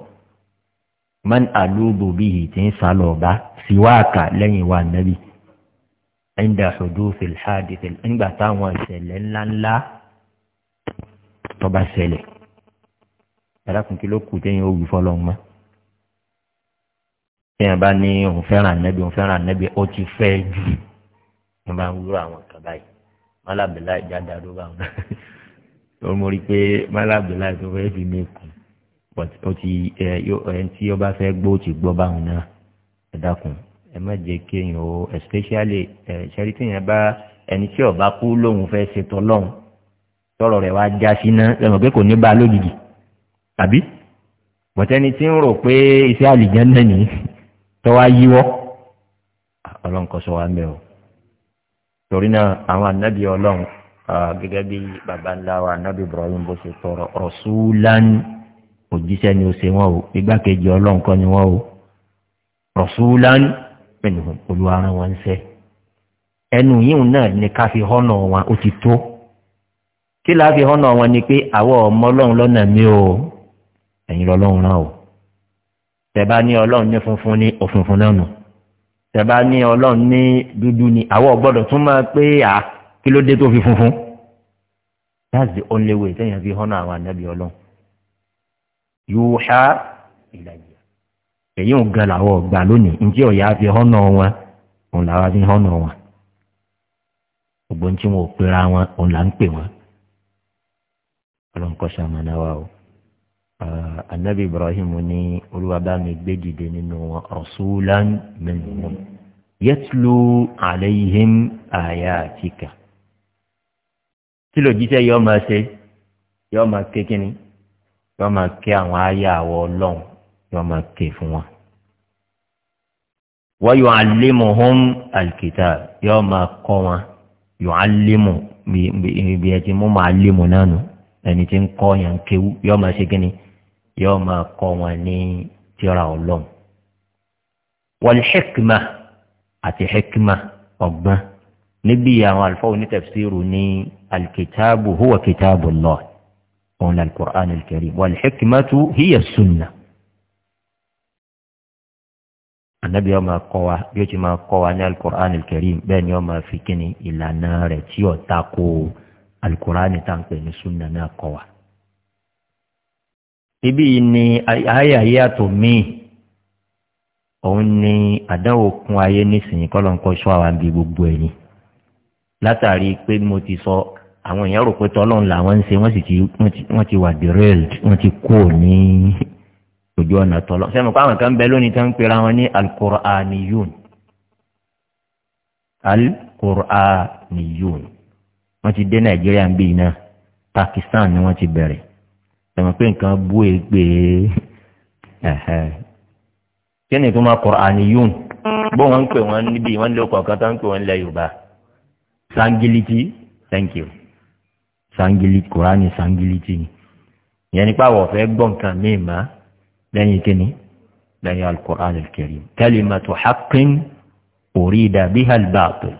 Speaker 1: man àlóbò bíi tí ń sá lọ bá síwáàkà lẹ́yìn wa nàbí ẹ̀ńdà ṣòdó fìlhádì nígbà táwọn ìṣẹ̀lẹ̀ ńláńlá tọ́ba ṣẹlẹ̀ ẹ̀rọ kùnkí ló kù téèyàn ó wí mọ́ téèyàn bá ní òun fẹ́ràn ànábì òun fẹ́ràn ànábì ó ti fẹ́ jù wọn bá ń wúrọ àwọn kan báyìí málàbílà ìjà dàrú wọn tó [laughs] mú rí i pé málàbílà tó fẹ́ fi mí kù ó ti ẹni tí ó bá fẹ́ gbọ́ ti gbọ́ báwọn náà ẹ dákun ẹ má jẹ́ kéèyàn o especially ẹ ṣẹ́rí téèyàn bá ẹni tí ọba kú lóun fẹ́ ṣètò lọ́hùn tọrọ rẹ̀ wá já sí ẹ mọ̀ pé kò ní bá a lójijì àbí bọ̀tẹ́ni tí ń rò pé iṣẹ́ àlìjẹ́ náà nìyí tó wá yíwọ́ ah, ọlọ́nkọ́sọ wa ń bẹ̀ o torí náà àwọn anábì ọlọ́run gẹ́gẹ́ bí baba ńlá wa anábì ibrahim bó ṣe tọrọ rọ̀ṣúlán òjíṣẹ́ ni ó ṣe wọ́n o igbákejì ọlọ́run kọ́ ni wọ́n o rọ̀ṣúlán pẹ̀lú olùwàrán wọn ń sẹ́ ẹnu yíò náà ni ká fi họ́nà wọn ó ti tó kí láà họ́nà wọn ni pé àwọn ọmọ ọlọ́run lọ́nà mi o ẹ̀yin lọ́lọ́run náà o. tẹ̀bá ní ọlọ́run ní funfun ní òfunfun náà nù tẹ̀bá ní ọlọ́run ní dúdú ní àwọ̀ gbọ́dọ̀ tún máa pé à kí ló dé tó fi funfun that's the only way tẹ̀yàn fi hánà àwọn ànábì ọlọ́run yóò há ìlàjì èyí ò ga làwọ̀ gbà lónìí njẹ́ ọ̀yà fi hánà wọn òun làwa fi hánà wọn gbogbo wọn ò pera wọn òun là anabi ah, ibrahim ní olúwàbá mi gbé dìde nínú wọn rasulan minhum yẹtulu alayhim ayatika kí ló jíṣẹ́ yọ máa ṣe yọ máa ké kíni yọ máa ké àwọn aya àwọ ọlọ́run yọ máa ké fún wọn wọ́n yọ alimu hom alikita yọ máa kọ́ wọn yọ alimu bí ẹ ti mú ma alimu nánu ẹni tí ń kọ́ yàn kéwu yọ máa ṣe kíni yóò máa kọ́ wọn ní tíra ọlọ́run wal hikma àti hikma ọgbọ́n níbi àwọn àlùfáà onítẹ̀fsíìrù ní alkitaabu huwa kitaabu Allah òun ni alukur'an alkarim wal hikmatu hiya sunna anabi yóò máa kọ́ wa yóò ti máa kọ́ wa ní alukur'an alkarim bẹ́ẹ̀ ni yóò máa fi kíni ìlànà rẹ̀ tí yóò ta ko alukur'an tá n pè ní sunna náà kọ́ wa ibi ni ayàyà tó míì òun ni àdánwò kún ayé nísìnyí kọ́lọ́nkọ́ ṣọ́ àwọn àbí gbogbo ẹ̀yìn látàrí pé mo ti sọ àwọn èèyàn rò pé tọ́lọ́run làwọn ń ṣe wọ́n sì ti wà derailed wọ́n ti kú ní ojú ọ̀nà tọ́lọ́ sẹ́mi pé àwọn kan bẹ lónìí tó ń pera wọn ní alukur'aniyun alukur'aniyun wọ́n ti dé nàìjíríà ń bí iná pakistan ni wọ́n ti bẹ̀rẹ̀ ẹ̀mọ̀ pé nǹkan bú e pé kí ni tó máa kọ̀ọ̀ánì yún bó wọ́n ń pè wọ́n níbi wọ́n lé kọ̀ọ̀kan tó ń pè wọ́n lẹ yorùbá sangiliti thank you sangiliti kọ̀ọ̀ánì sangiliti ìyẹn nípa wọ̀ fẹ́ gbọ́ nǹkan míì má lẹ́yìn kíni lẹ́yìn alukur'an kẹrin kẹlímàtò haqqin orí ìdàbí halbaatu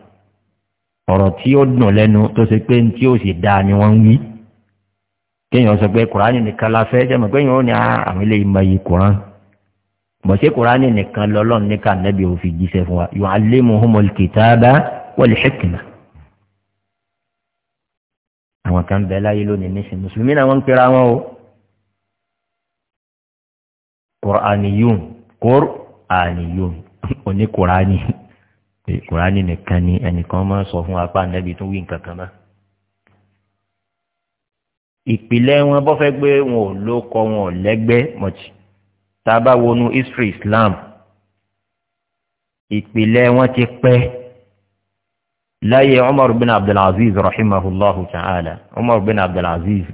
Speaker 1: ọ̀rọ̀ tí ó dùn lẹ́nu tó ṣe pé tí ó sì dáa ni wọ́n ń wí kéèyàn sọ pé kùránì nìkan la fẹ́ jẹ́mọ̀ pé yóò ní ah, àwọn ilé ìmọ̀ yìí kùrán bọ̀ ṣé kùránì nìkan lọ́lọ́run níka nẹ́bí ò fi jíṣẹ́ fún wa yóò alému humul kìtàbà wọlé ṣèkìlà. àwọn kan bẹ láyé lónìí nísìn mùsùlùmí náà wọ́n ń pera wọn o kùránì yóò kùránì yóò oní kùránì kùránì nìkan ni ẹnìkan máa sọ fún apá nẹ́bí tó wí nǹkan kan náà ìpìlẹ̀ wọn bọ́ fẹ́ gbé wọn ò ló kọ wọn ò lẹ́gbẹ́ mọ̀tì tá a bá wọnú history islam ìpìlẹ̀ wọn ti pẹ́ láyé umar bin abdulaziz rahimahullahu ta'ala umar bin abdulaziz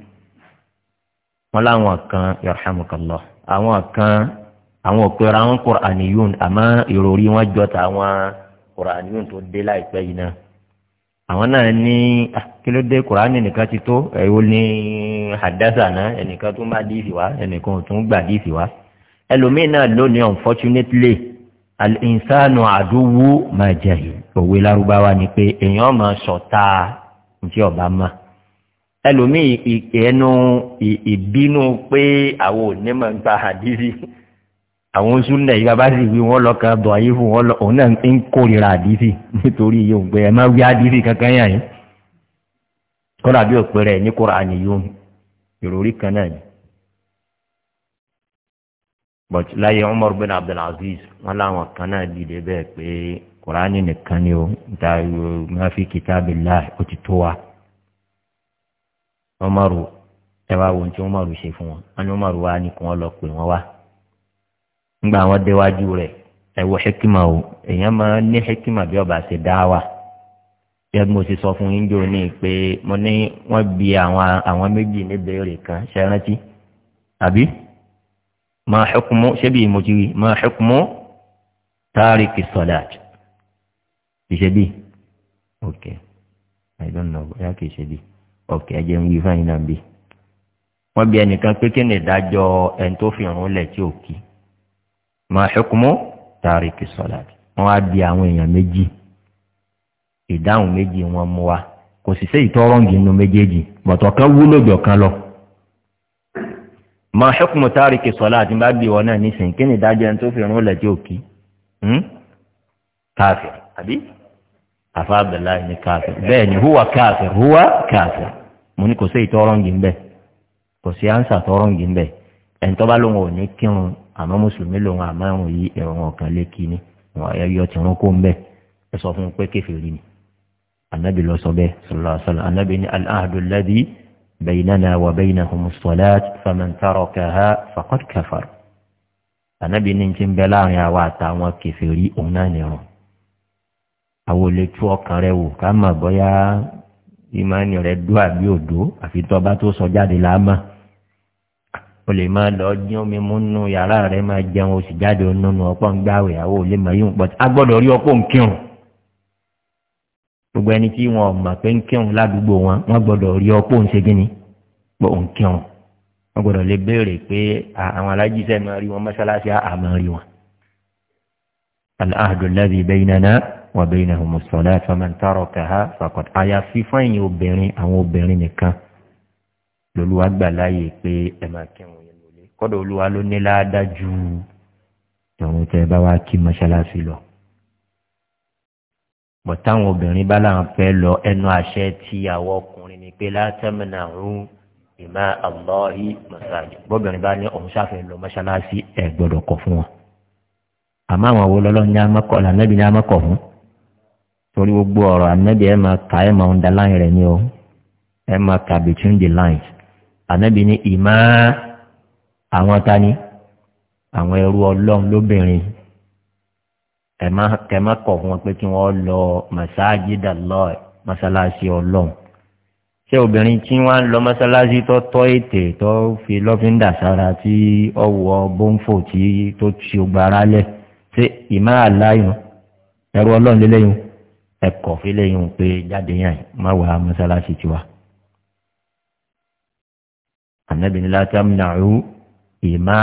Speaker 1: wọn láwọn kan yarhamukallah àwọn kan àwọn òpèrè àwọn kùránìyún àmọ́ ìròrí wọn jọ tàwọn kùránìyún tó dé láìpẹ́ yìí náà àwọn náà ní kílódé kùránì nìkan ti tó ẹ̀wọ́ ní àdásà náà ẹnìkan tún bá dìísì wá ẹnìkan ò tún gbà dìísì wá ẹlòmíín náà lónìí unfortunately ìsánù àdúwú máa òwe lárúbáwá ni pé èèyàn máa sọ̀tà ní ọba máa ẹlòmíín ẹnu ìbínú pé àwọn onímọ̀ ń gba àdìsí àwọn súnlẹ̀ yìí bàbá sì wí wọ́n lọ́kàn bọ̀ ayé fún wọn lọ òun náà ń kórìíra àdìsí [laughs] nítorí iye òǹgbẹ ẹ má wí àdìsí kankan yàn yín kọ́dà bí òpè rẹ̀ ní kóra àníyó ìròrí kan náà ni. but láyé umar bin abdulaziz wọn láwọn kan náà dìde bẹ́ẹ̀ pé kùránì nìkan ni ó níta máa fi kìtàbí láì ó ti tó wa. umaru ẹ wá wo ohun tí umaru ṣe fún wọn wọn ni umaru wa ni kí wọn lọ pè wọn wá ńgbà wọn déwájú rẹ̀ ẹ wọ hekima o èèyàn máa ní hekima bí ọba ṣe dá wa yẹ mo ti sọ fún yín jò ní pé mo ní wọn bi àwọn àwọn méjì níbẹ̀rẹ̀ kan ṣe rántí àbí máa xukumu ṣébi mo ti rí máa xukumu tárìkì sọlát ìṣẹ́bí ok i don't know bóyá kì í ṣẹ́bí ok ẹ jẹ́ ń wí fáyín náà bí wọ́n bí ẹnìkan pé kí ni ìdájọ́ ẹni tó fi hàn lẹ̀ tí ò kí máa ṣẹ́kùmọ́ tàríkì sọ́lá wọ́n á di àwọn èèyàn méjì ìdáhùn méjì wọn mú wa kò sì sí ìtọ́rọ̀ǹgì nínú méjèèjì bọ̀tọ̀ kan wúlò jọ kan lọ. máa ṣẹ́kùmọ́ tàríkì sọ́lá àti bá bí wọn náà nísìnyí kí ni ìdájọ́ ẹni tó fi rún lẹ̀ tí ò kí hmm? káfẹ́ àbí àfa abdullahi ni káfẹ́ bẹ́ẹ̀ ni huwa káfẹ́ huwa káfẹ́ mo ní kò sí ìtọ́rọ̀ǹgì ń bẹ̀ kò sí ánsà tọ́rọ̀ǹgì ń bẹ̀ ẹ̀ńtọ́ bá lóun ò ní kírun àmọ́ mùsùlùmí lòun àmárùn yìí ẹ̀rùn ọ̀kan lékì ni wọn ẹ̀yọ tí wọn kó ń bẹ̀ ẹ sọ fún un pé kẹfìrí ni anabi lọ sọ bẹ́ẹ̀ sọlá sọlá anabi ni alahadulabi bẹ̀yìnana wà bẹ̀yìnà humusolat famantarokaha fakot kafar anabi ni ti ń bẹ láàrin àwa àtàwọn kẹfìrí òun náà nìrùn àwọn olè ọkàn rẹ wò ká mà bọ́yá ìmánì rẹ dó àbí òdó àfi tọ́ba tó sọ jáde láàmà o lè máa lọ jẹ́ omi mú nù yàrá rẹ̀ máa jẹun oṣù jáde nínú ọpọ́ ń gbáwé àwọn ò lè mọ yíwọ̀n pọ̀ a gbọ́dọ̀ rí ọpọ́ ń kírun gbogbo ẹni tí wọn mọ̀ pé ń kírun ládùúgbò wọn wọn gbọ́dọ̀ rí ọpọ́ ń ṣe gíní wọn gbọ́dọ̀ lè béèrè pé àwọn alájíṣẹ́ máa rí wọn mọ́ṣáláṣí àmọ́ rí wọn. aláàdùn bẹ́yìn náà wọ́n bẹ́yìn náà mùsùlùmí lolúwa gbà láàyè pé ẹ máa kẹwọn yẹn lólè kọ́dọ̀ olúwa ló ní láádájú tọ̀hún tẹ́ ẹ bá wá kí mọ́ṣáláṣí lọ. bọ̀ táwọn obìnrin bá láwọn fẹ́ lọ ẹnu àṣẹ tí àwọn ọkùnrin ni pé látẹ́mìnà ń ìmọ̀ àlọ́hí mọ̀sáàjì bọ́bìnrin bá ní òun ṣàfihàn lọ mọ́ṣáláṣí ẹ̀ gbọ́dọ̀ kọ̀ fún wọn. àmọ́ àwọn wo lọ́lọ́ ní amọ́kọ̀ lànàbí ní amọ́kọ̀ fún torí gbogbo ọ̀rọ̀ ànàbí ẹ̀ máa ka ẹ̀ máa ń da láyìn rẹ̀ ní o ẹ̀ máa ka between the lines ànábì ní ìmọ̀ àwọn tani àwọn ẹrú ọlọ́run lóbìnrin kẹmẹ kọ̀ fún wọn pé kí wọ́n lọ màsáàjìdà lọ màsálásí ọlọ́run ṣé obìnrin tí wọ́n ń lọ màsálásí tó tọ́ ètè tó fi lọ́fíńdà sára tí ọwọ́ bọ́ńfò tí tó ti gbára lẹ̀ ṣé ìmọ̀ àláyùn ẹrú ọlọ́run lélẹ́yìn ẹ̀kọ́ fi pé jáde yàn má wà màsálásí tiwa ànábì ní láti amúnàrú ìmá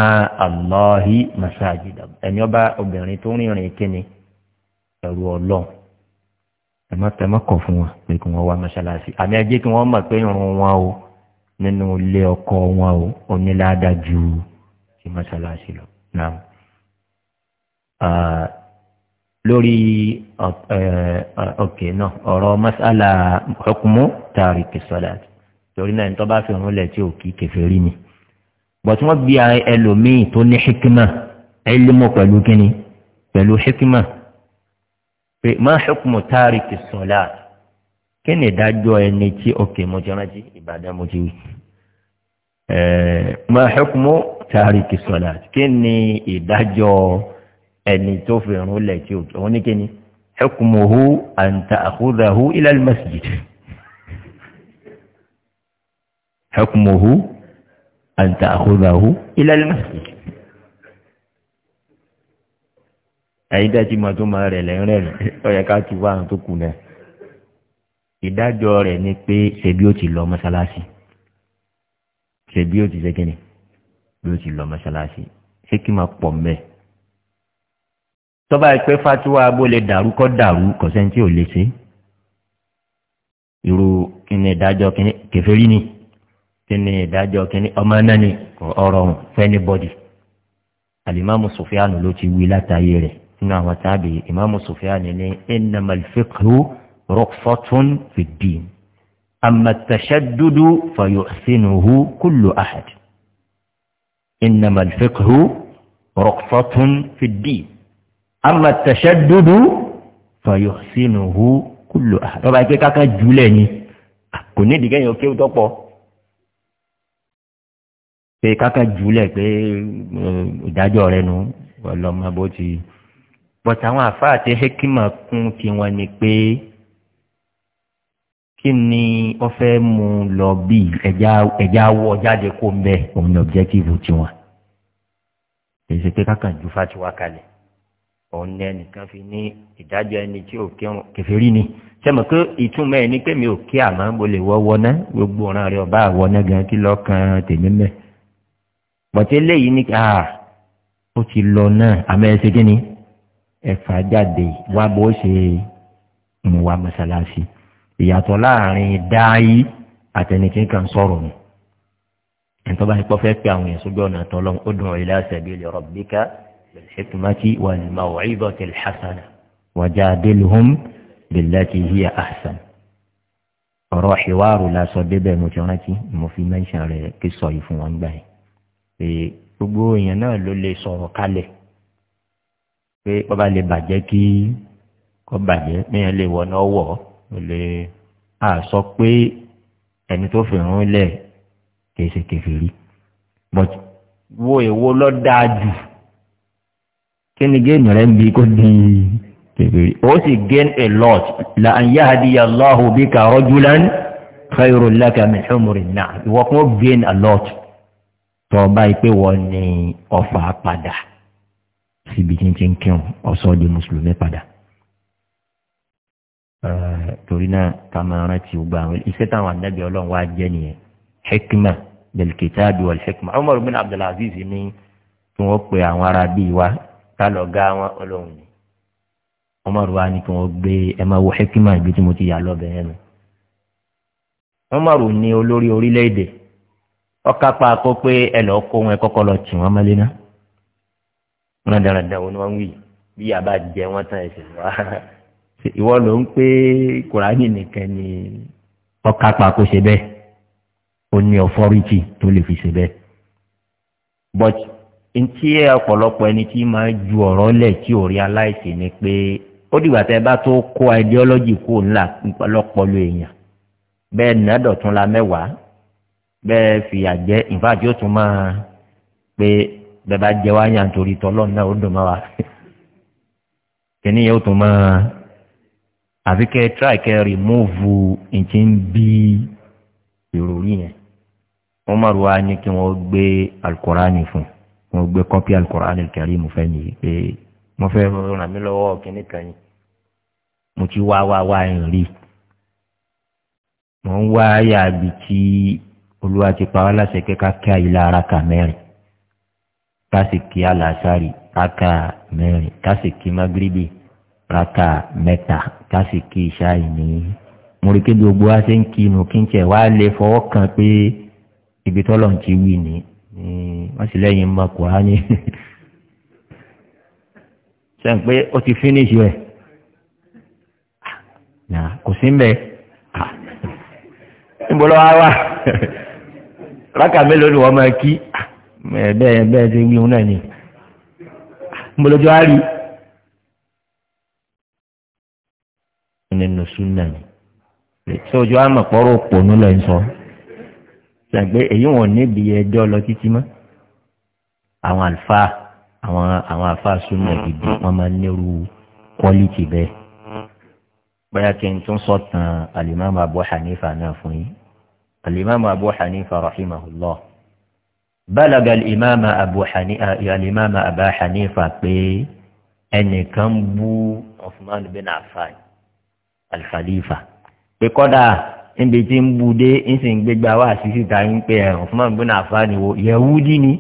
Speaker 1: àlọ́hí màsáàjìdà ẹni ọba obìnrin tó rìnrìn kíni ẹ̀rù ọlọ́run ẹ má kọ̀ fún wọn pé kí wọ́n wá mọ́ṣáláṣí àmì ajé kí wọ́n mọ̀ pé irun wọn o nínú ilé ọkọ wọn o oníláàdá ju ti mọ́ṣáláṣí lọ. lórí ọ̀kẹ́ náà ọ̀rọ̀ mọ́ṣálà ọkùnmọ́ tààrí kìsọ́láṣí torí náà nítorí bá fi òun lẹ̀ tí ò kí kẹfẹ́rí ni bọ̀tí wọ́n bí ẹlòmíì tó ní hikima ẹlẹ́mọ̀ pẹ̀lú kínní pẹ̀lú hikima pé má hukumu tárìkì sọ̀lá kí ni ìdájọ́ ẹni tí òkè mo ti rántí ìbàdàn mo ti wí má hukumu tárìkì sọ̀lá kí ni ìdájọ́ ẹni tó fi òun lẹ̀ tí òkè òun ní kínní hukumuhu àǹtà àkúdàhu ilẹ̀ masjid. حكمه أن تأخذه إلى المسجد. masjid ẹ̀yin dẹ́tí mọ̀ tó máa rẹ̀ lẹ́yìn rẹ̀ ọ̀yẹ́ ká ti wá àwọn tó kù náà ìdájọ́ rẹ̀ ni pé ṣebí ó ti lọ mọ́ṣáláṣí ṣebí ó ti ṣe kíni bí ó ti lọ mọ́ṣáláṣí ṣé kí máa pọ̀ mẹ́ tọ́ba ìpè fatiwa bó lè dàrú kọ́ dàrú kò ò lè ṣe irú kíni ìdájọ́ kíni kẹfẹ́ rí ni kíni ìdájọ́ kíni ọmọ náà ni ọ̀rọ̀ fẹ́ni bọ́dì alimami sofiani ló ti wí látàyè rẹ̀ nínú àwọn tábì imami sofiani ní ẹnàmàlífẹ́kù rọ́fọ́tún fìdí àmàtàṣẹ́dúdú fàyọ̀sínuhu kúlù àhàd ẹnàmàlífẹ́kù rọ́fọ́tún fìdí àmàtàṣẹ́dúdú fàyọ̀sínuhu kúlù àhàd. bàbá ike káka jùlẹ̀ ni kò ní ìdíkẹ́yìn òkè tó pọ̀ pé kákan jùlẹ̀ pé ìdájọ́ rẹ nu ọlọ́mọ bó ti bọ̀tà àwọn àfáà àti hekima kún tiwọn ni pé kí ni ọ fẹ́ mú lọ bí ẹja wọ jáde kó ń òun ni ọ̀bjẹ́tìfù tiwọn kì í ṣe pé kákan ju fatiwa kalẹ̀ òun ní ẹnìkan fi ní ìdájọ́ ẹni tí ò kẹfẹ́rí ni sẹ́mi pé ìtumọ̀ ẹ̀ ni pé mi ò kí àmọ́ mo lè wọ́ wọ́ná gbogbo ọ̀ràn rẹ̀ ọba àwọ̀ná gan kí lọ́kàn tèmi mẹ́ẹ̀ bọ̀tí eléyìí ní ká ah, ó ti lọ náà àmọ́ ẹ ṣe kí ni ẹ fà jáde wá bó ṣe ń wá mọ́ṣáláṣí ìyàtọ̀ láàrin dááyí àtẹnìkí kan sọ̀rọ̀ nù ẹ̀ńtọ́ bá ipò fẹ́ pé àwọn èèyàn sójú ọ̀nà àtọ́lọ́ ó dùn ìlà ṣẹ̀bi lè rọ̀bíkà ṣètùmátì wà ní ma wàá ìbọn tẹ̀lé hasana wàjà adéluhùn bìlẹ́tì híyà ahsan ọ̀rọ̀ ìwárò lásọ̀ débẹ̀ mo ti rántí mo fi mẹ́ńṣà rẹ̀ kí sọ yìí fún wọn gbà yìí pé gbogbo èèyàn náà ló lè sọ̀rọ̀ kalẹ̀ pé ọba lè bàjẹ́ kí kọ́ bàjẹ́ mẹ́yàn lè wọ̀ náà wọ̀ ó lè à sọ pé ẹni tó fi rún lẹ̀ kìí ṣe kẹfìrí but wo èwo lọ dáa jù kí ni géèmù rẹ̀ ń bi kó di kẹfìrí ó sì gain a lot la an yahadiya allahu bika rajulan khayru laka min humri na ìwọ kún ó gain a lot tọba ipe wọ́n ní ọfà padà síbi títí ń kírun ọ̀sọ́ di mùsùlùmí padà. torí náà ká máa rántí gbogbo àwọn iṣẹ́ táwọn anábìá ọlọ́run wá jẹ́ nìyẹn hikma belkitabi wal hikma umar bin abdulaziz ní kí wọ́n pe àwọn ará bíi wa ká lọ gá wọn ọlọ́run ni umar wa ní kí wọ́n gbé ẹ máa wo hikma ibi tí mo ti yà lọ́bẹ̀ẹ́ yẹn nu umar ní olórí orílẹ̀-èdè ọkà pa àkó pé ẹ lọ kó wọn kọkọ lọ tì wọn mọlẹ náà wọn dáradára wọn ni wọn wí bí yàrá jẹ wọn tán ẹsẹ wá [laughs] ìwọ ló ń pé kùránì nìkan ni ọkà pa àkó ṣe bẹẹ ó ní ọfọrìtì tó lè fi ṣe bẹẹ but ntí ẹ ọpọlọpọ ẹni tí máa ju ọrọ lẹ tí ò rí aláìsí ni pé ó dìgbà tẹ bá tó kó ideology kó ńlá lọpọlọ èèyàn bẹẹ nàdọtún mẹwàá bẹ́ẹ̀ fìyà jẹ́ ìfàjì ó tún máa pé bẹ́ẹ̀ bá jẹ́ wá yàn torí tọ́lọ́ náà ó dùn mọ́ wa [laughs] kìnìyàn ó tún máa àfi kẹ́ tíráì kẹ́ rìmúùfù ìtì ń bí ìròrí yẹn wọ́n máa rú wa ní kí wọ́n gbé alukoraani fún wọ́n gbé kọ́pì alukoraani kẹ́rì mo fẹ́ nìyí pé mo fẹ́ ràn mí lọ́wọ́ kìnìún kan mo ti wá wá wá ẹ̀ rí mo ń wá yàgbì tí olúwa ti pa wá láṣẹ pé ká kí àyílá araka mẹ́rin ká sì kí àlàsárì raka mẹ́rin ká sì kí magrebi raka mẹ́ta ká sì kí ìṣáì ní. mo rí wa ṣe ń kí inú kí wá lè fọwọ́ kan pé ibi tọ́lọ̀ ń ti wí ni wọ́n sì lẹ́yìn mọ́ kùránì sẹ́n [laughs] pé ó ti finish rẹ̀ ah, kò sí mbẹ́ ah, [laughs] níbo lọ́wọ́ wá. [laughs] rákà mélòó ni wọ́n máa kí ah, bẹ́ẹ̀ bẹ́ẹ̀ ti wí òun náà ni mọ̀lẹ́jọ́ á rí nínú súnà ni sọ́jọ́ á mọ̀ pọ́rọ̀ òpònú lẹ́ ń sọ ṣàgbé èyí wọn níbi ẹjọ́ lọ títí mọ́ àwọn àlùfáà àwọn àwọn àlùfáà súnà gidi wọ́n máa nírú kọ́lìtì bẹ́ẹ̀ bóyá kí n tún sọ tàn alimami abu hanifa náà fún yín. الإمام أبو حنيفة رحمه الله بلغ الإمام أبو حنيفة الإمام أبا حنيفة أن كنبو عثمان بن عفان الخليفة بقدر níbi tí ń bu dé ń sì ń gbégbá wá àṣìṣe ta ń pè ẹ̀rùn fún àwọn gbóná àfáàní wo yẹ̀wúdí ni.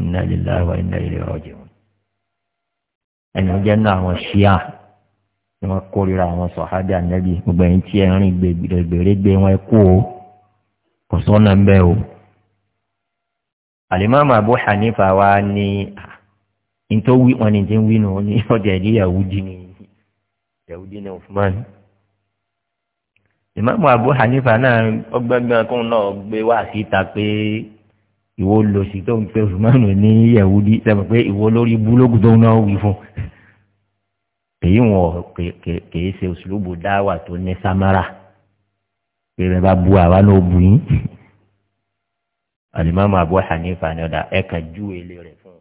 Speaker 1: iná lílá wa iná ilé ọjọ́ ẹni jẹ́ náà àwọn ṣíà ni wọn kórira àwọn sọ̀hádì ànẹ́bí gbogbo ẹ̀yìn tí ẹ̀ rìn gbèrègbè wọn kú o kò sọ́nà ń bẹ́ o. àlìmọ́mọ́ àbú hanifa wa ah, ní ntọ́wí wọn ni ti ń wínú ní ọjà ìdí yahudi ni yahudi ni usman. ìmọ̀mọ́ àbú hanifa náà ọgbẹ́gbẹ́ kóun náà gbé wá síta pé ìwo lòsì tó ń pe usman ní yahudi sẹ́mi pé ìwo lórí búlógù tó ń náà wí fún un èyí wọn kèé ṣe òṣèlúbù dáwà tó ní samara pé bẹ́ẹ̀ bá bu àwa náà bu yín alimami abu hanifa ni ọ̀dà ẹ̀ kà ju èlé rẹ̀ fún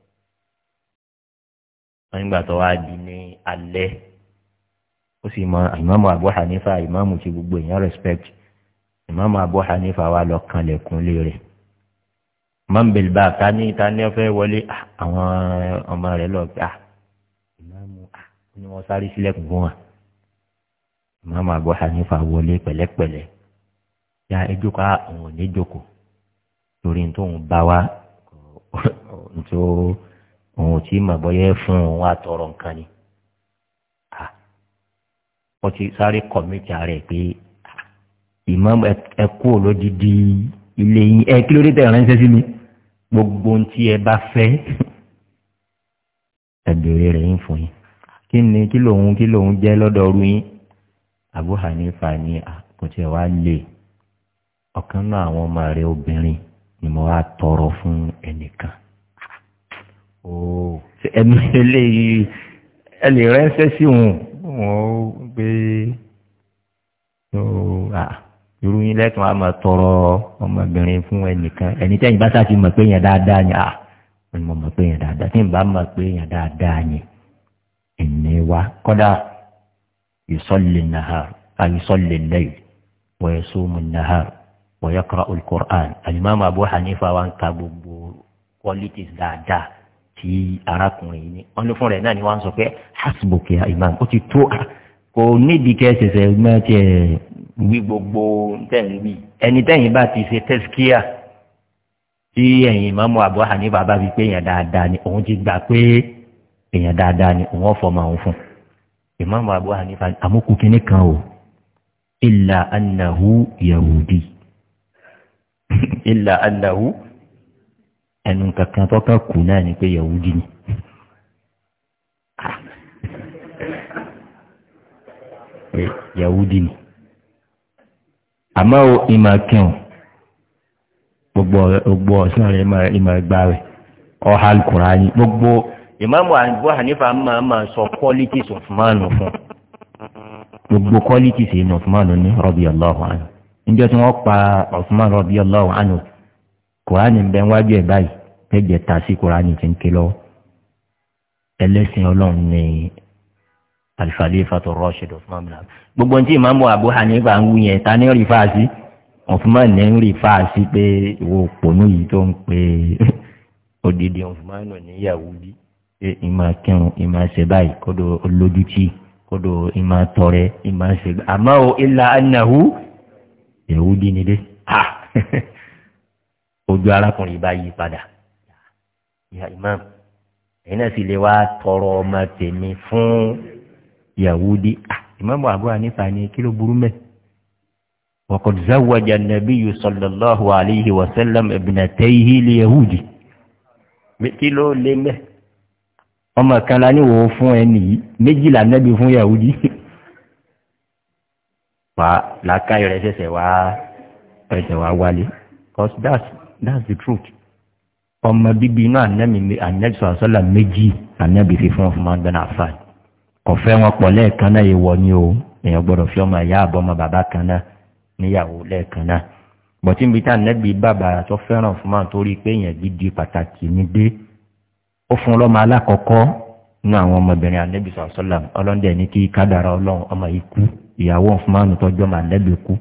Speaker 1: un wọ́n nígbà tó di ní alẹ́ ó sì mọ alimami abu hanifa imamu ti gbogbo èèyàn respect imamu abu hanifa wa lọ kanlẹ̀kùn lé rẹ̀ mọ́nbẹ̀lì tani tani ta ní ta ní ọ fẹ́ wọlé ah, àwọn ọmọ rẹ̀ lọ gbà ni wọ́n sáré sílẹ̀kùn fún wa màmá àbọ̀ hanifa wọlé pẹ̀lẹ́pẹ̀lẹ́ ya ẹjọ́ ká òun ò ní jókòó torí ní tóun bá wa tó òun ò tí mà bọ́yẹ́ fún òun àtọrọ nǹkan ni wọ́n ti sáré kọ̀mítì ara ẹ̀ pé ìmọ̀ọ́mù ẹ kú lódìdí ilé yín ẹ kí ló dé tẹ̀ ránṣẹ́ sí mi gbogbo ohun tí ẹ bá fẹ́ ẹ bèrè rẹ̀ yín fún yín kí ni kí lòun kí lòun jẹ́ lọ́dọ̀ ọ̀rú yín Abu Hanifa ni kò tiẹ̀ wá lè ọ̀kan náà àwọn ọmọ rẹ obìnrin ni mo wá tọrọ fún ẹnìkan ẹnu eléyìí ẹ lè ránṣẹ́ sí òun wọ́n gbé irú yín lẹ́tùn á máa tọrọ ọmọbìnrin fún ẹnìkan ẹni tẹ́yìn bá sá ti mọ̀ pé yẹn dáadáa ni à mo mọ̀ pé yẹn dáadáa tí bá mọ̀ pé yẹn dáadáa ni ìní wa kọ́dà ìsọ̀lẹ̀ nàhàr àìsọ̀lẹ̀ lẹ́yìn wẹ̀ẹ́sọ̀mù nàhàr wẹ̀yẹ́kọ̀rọ̀ olùkọ́rán alimami abu hanifa wa ń ka gbogbo qualities dáadáa tí arákùnrin yìí ní wọn ní fún rẹ náà ni wọn sọ pé hasbuki imam ó ti tó kò nídìí kẹsẹsẹ mẹtẹ wí gbogbo tẹ̀yìn wí ẹni tẹ̀yìn bá ti ṣe tẹ́síkíà tí ẹ̀yìn ìmọ̀mọ́ abu hanifa bá fi pé yẹn dáadáa ni òun ti gbà pé èèyàn dáadáa ni òun ọ̀fọ̀mọ̀ àwọn fún ìmáàmù Abu Hanifa amókù kínní kan o illa annahu yahudi [laughs] illa annahu ẹnu kankan tó kàn kù náà ni pé yahudi ni. [laughs] yahudi ni àmọ́ o ìmọ̀ kẹ́hùn gbogbo ọ̀sán rẹ̀ ìmọ̀ ẹgbàá rẹ̀ ọ̀hálùkùnrin gbogbo ìmáàmù àbúrò hanifa máa máa sọ qualities of man fún gbogbo qualities in osman ní rọ́bì ọlọ́hu àná níjọ́ tí wọ́n pa osman rọ́bì ọlọ́hu àná kùránì ń bẹ wájú ẹ̀ báyìí mẹ́jẹ̀ ta sí kùránì ti ń ké lọ́wọ́ ẹlẹ́sìn ọlọ́run ní alifadé fatọ rọ́ṣẹ̀dì osman bla gbogbo tí ìmáàmù àbúrò hanifa ń wú yẹn ta ní rí fáàsì osman ní rí fáàsì pé ìwọ òpònú yìí tó ń pe [laughs] odidi osman níyàwó bíi ìmọ̀ kírun ìmọ̀ ṣe báyìí kódò olójútì kódò ìmọ̀ tọrẹ ìmọ̀ ṣe àmọ́ o ilà anahu èwú dínilé ha [laughs] ojú arákùnrin bá yí padà ìyá imam ẹ̀yin náà sì lè wá tọrọ ọmọ tèmi fún yahudi imam abu hanifa ni kí ló burú mẹ́ wọ́kọ̀dù záwọ́jà nàbí yìí sọ̀lọ́láhu alayhi wa sallam ẹ̀bìnà tẹ́yìí lè yahudi ọmọ kan la níwò fún ẹni yìí méjìlá nẹ́bí fún yahudi wà láká rẹ̀ ṣẹ̀ṣẹ̀ wá ẹ̀ṣẹ̀ wá wálé cause that's that's the truth ọmọ bíbí inú ànẹ́bí ànẹ́bí sọ̀rọ̀sọ́là méjì ànẹ́bí fi fún ọmọ ọdún àfáà ọ̀fẹ́ wọn pọ̀ lẹ́ẹ̀kan náà ìwọ ni o èèyàn gbọ́dọ̀ fi ọmọ ìyá àbọ̀ ọmọ bàbá kan náà níyàwó lẹ́ẹ̀kan náà bọ̀tí níbi tí ànẹ́bí bàbá tó fẹ́ràn fún wa torí pé èèyàn gidi pàtàkì ní dé ó fún lọ́mọ alákọ̀ọ́kọ́ nínú àwọn ọmọbìnrin ànẹ́bí sọ̀sọ́là ọlọ́dẹ ní kí kádàrá ọlọ́run ọmọ yìí kú ìyàwó ọ̀fúnmánu tọ́jọ́ mà ànẹ́bí kú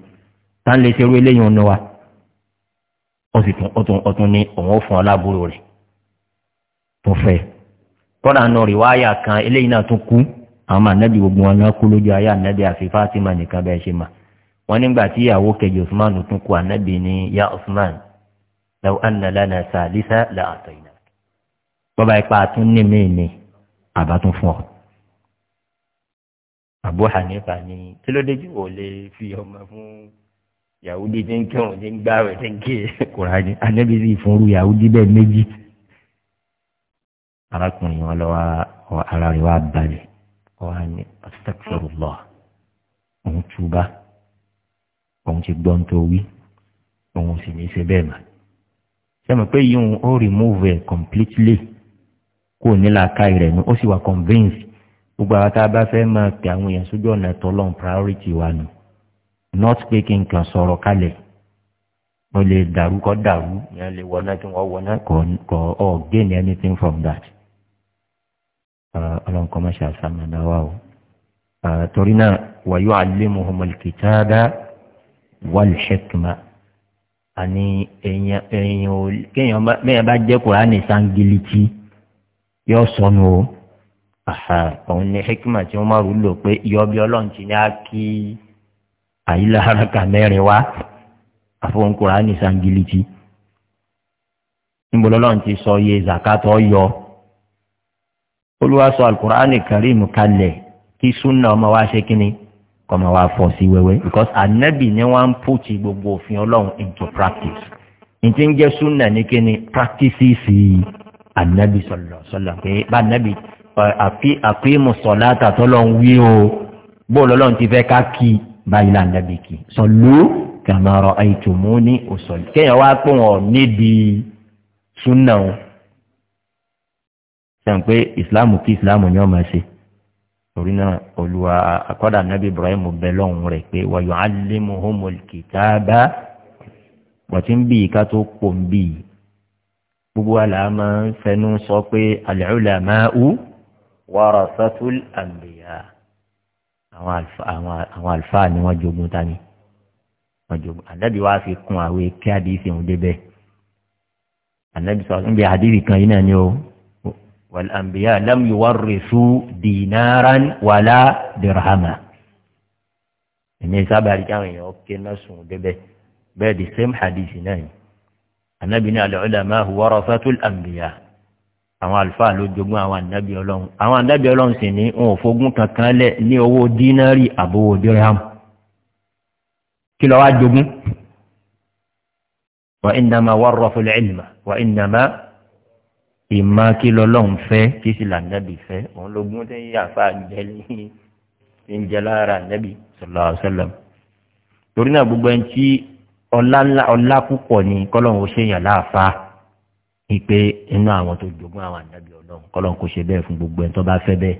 Speaker 1: tá ń lè ṣerú eléyìí ọ̀nà wa ó sì tún ọtún ọtún ní òun ó fún ọ láàbúrò rẹ̀ tó fẹ́ rí wáyà kan eléyìí náà tún kú àwọn ànẹ́bí gbogbo wọn náà kú lójú ayé àfi nìkan bẹ́ẹ̀ ṣe mà nígbà tí ìyàwó kejì osman tún bọ́bá ipa tún ní míì ni àbá tún fún ọ. àbú hanifa ni kí ló dé jù wò lè fi ọmọ fún yahudi tí ń kírun tí ń gbàwẹ̀ tí ń kí kùránì anábì sì fún irú yahudi bẹ́ẹ̀ méjì. arákùnrin wọn lọ wá ara rẹ̀ wá balẹ̀ wá ní astagfirullah òun túbá òun ti gbọ́n tó wí òun sì ní í ṣe bẹ́ẹ̀ mà. sẹ́mi pé yíyún ó remove ẹ̀ kò ní làákàyè rẹ̀ ni ó sì wà convince gbogbo àwọn tá a bá fẹ́ máa pè àwọn èèyàn sójú ọ̀nà tọ́lọ́n priority wa nù not pé kí n kàn sọ̀rọ̀ kalẹ̀ mo lè dàrú kọ́ dàrú yẹn lè wọ́n náà tí wọ́n wọ́n náà kọ́ ọ gain anything from that ọlọ́run kọ́ máa ṣe àṣàmàdà wa o torí náà wàyó alimuhumul kìtàdá wàlhẹ́kìmá àní èèyàn kéèyàn bá jẹ́ kùránì sangilitì yọ sọnù o òun ni hikima tí wọn máa lò pé yọbi ọlọ́run ti ní kí àyílá haraka mẹ́rin wá àfọwọ́nkura ní sangiliti níbo lọ́lọ́run sọ iye zakatọ́ yọ olùwàsó alukur'ani karim kalẹ̀ kí sunna ọmọ wa ṣe kínní kọ́mọ wa fọ́ sí wẹ́wẹ́ because anabi ni wọ́n ń put gbogbo òfin ọlọ́run into practice ǹjẹ́ ń jẹ́ sunna ní kínní practices yìí anabi sọlọ sọlọ pé bá anabi àfihàn sọlá tàtọ́lọ̀ ń wí o bóòlù ọlọ́run ti fẹ́ ká kí báyìí là anabi kì sọlú kàmárọ̀ àìtùmú ní òsòlù kéèyàn wá pé wọn níbi súnà o sẹ́yìn pé ìsìláàmù kí ìsìláàmù ni wọ́n máa ṣe torí náà olùwà àkọ́dà anabi ibrahim bẹ lọ́hùn rẹ̀ pé wàyọ̀ alimuhumul kìtàbà wọ́n ti ń bí ìka tó pò ń bí yìí gbogbo àlà máa ń fẹnu sọ pé àlẹ́ọ̀lá máa ú wàrà sátúl àmbìyà àwọn àlùfáà ni wọ́n jogun ta ni wọ́n jogun ànábì wá fi kún àwọn èké àdìsí òun débẹ̀ ànábì sọ níbi àdìsí kan yìí náà ni o wàlẹ́ àmbìyà lámì wàrẹ̀sù dìnnáran wàlá dìrhàmà èmi sábà rí káwọn èèyàn kéna sùn débẹ̀ bẹ́ẹ̀ di same àdìsí náà ni anabi ní alẹ́ ọ̀là máa wọ́n rọ fẹ́tùl àmbìyà àwọn àlùfáà ló jogún àwọn anabi ọlọ́run àwọn anabi ọlọ́run sì ní wọn ò fogún kankan lẹ ní owó dínárì àbówó dírámù kí lọ́wọ́ jogún wà ìnàmà wọ́n rọ fẹ́lẹ̀ ìlmà wà ìnàmà ìmá kí lọ́lọ́run fẹ́ kí sì là anabi fẹ́ òun ló gún tẹ́ yíyá fà jẹ́ ní ń jẹ́ lára anabi sọlọ́ọ̀ sọlọ́ọ̀ torí náà gbogbo ẹni tí ọlá ńlá ọlá púpọ̀ ni kọ́lọ́hún ó ṣèyàn láàfa ìpè inú àwọn tó jogún àwọn ànábì ọlọ́run kọ́lọ́hún kò ṣe bẹ́ẹ̀ fún gbogbo ẹni tó bá fẹ́ bẹ́ẹ̀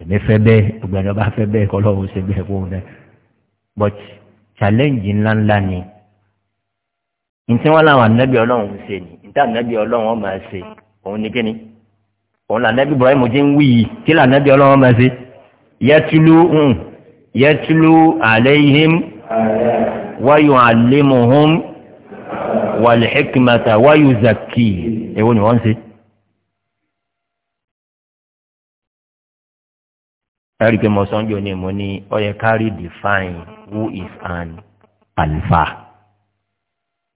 Speaker 1: èmi fẹ́ bẹ́ẹ̀ gbogbo ẹni tó bá fẹ́ bẹ́ẹ̀ kọ́lọ́hún ó ṣe bẹ́ẹ̀ fún un but challenge ńláńlá ni ntí wọn làwọn ànábì ọlọ́run ṣe ni ntí ànábì ọlọ́run ọmọ ẹ ṣe òun ni kíni òun lànábì ibrahim ti ń wí yìí kí lànábì ọlọ́run ọmọ ṣe yẹtulu yẹtulu àlẹ́ yìí ويعلمهم والحكمة ويزكيه èwo ni wọ́n ń ṣe. ẹ̀rí pé mọ̀sánjọ́ ni mo ní ọyẹ kárí define who is an alfa.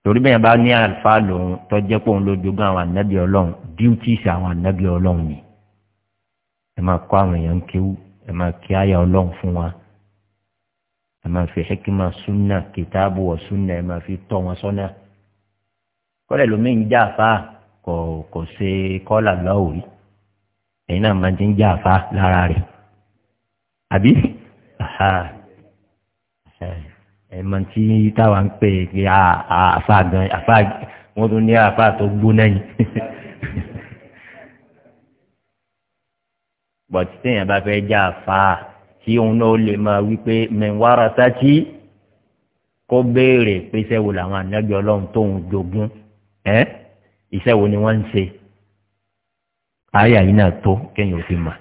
Speaker 1: torí bẹ́ẹ̀ bá ní alfa lòun tó jẹ́ pé òun ló jogún àwọn ànábì ọlọ́run duties àwọn ànábì ọlọ́run ni. ẹ máa kọ́ àwọn èèyàn kéwú ẹ máa kí àyà ọlọ́run fún wa ẹ máa fi hekima sunna kìtàbù wọ sunna ẹ máa fi tọ́ wọn sọ́nà kọ́lẹ̀ lómi ń já àfa kò kò ṣe kọ́là lọ́wọ́ rí ẹ̀yin náà máa ti ń já àfa lára rẹ̀ àbí ẹ máa ti táwa ń pè é gan àfa wọ́n tún ní àfa tó gbóná yìí. bọ̀tí téèyàn bá fẹ́ já tí òun náà lè máa wípé mẹ̀wára sátí kó béèrè pé iṣẹ́ wo làwọn ànágbé ọlọ́run tóun jogún ẹ́ iṣẹ́ wo ni wọ́n ń ṣe ayé àyín náà tó kéèyàn ò fi mà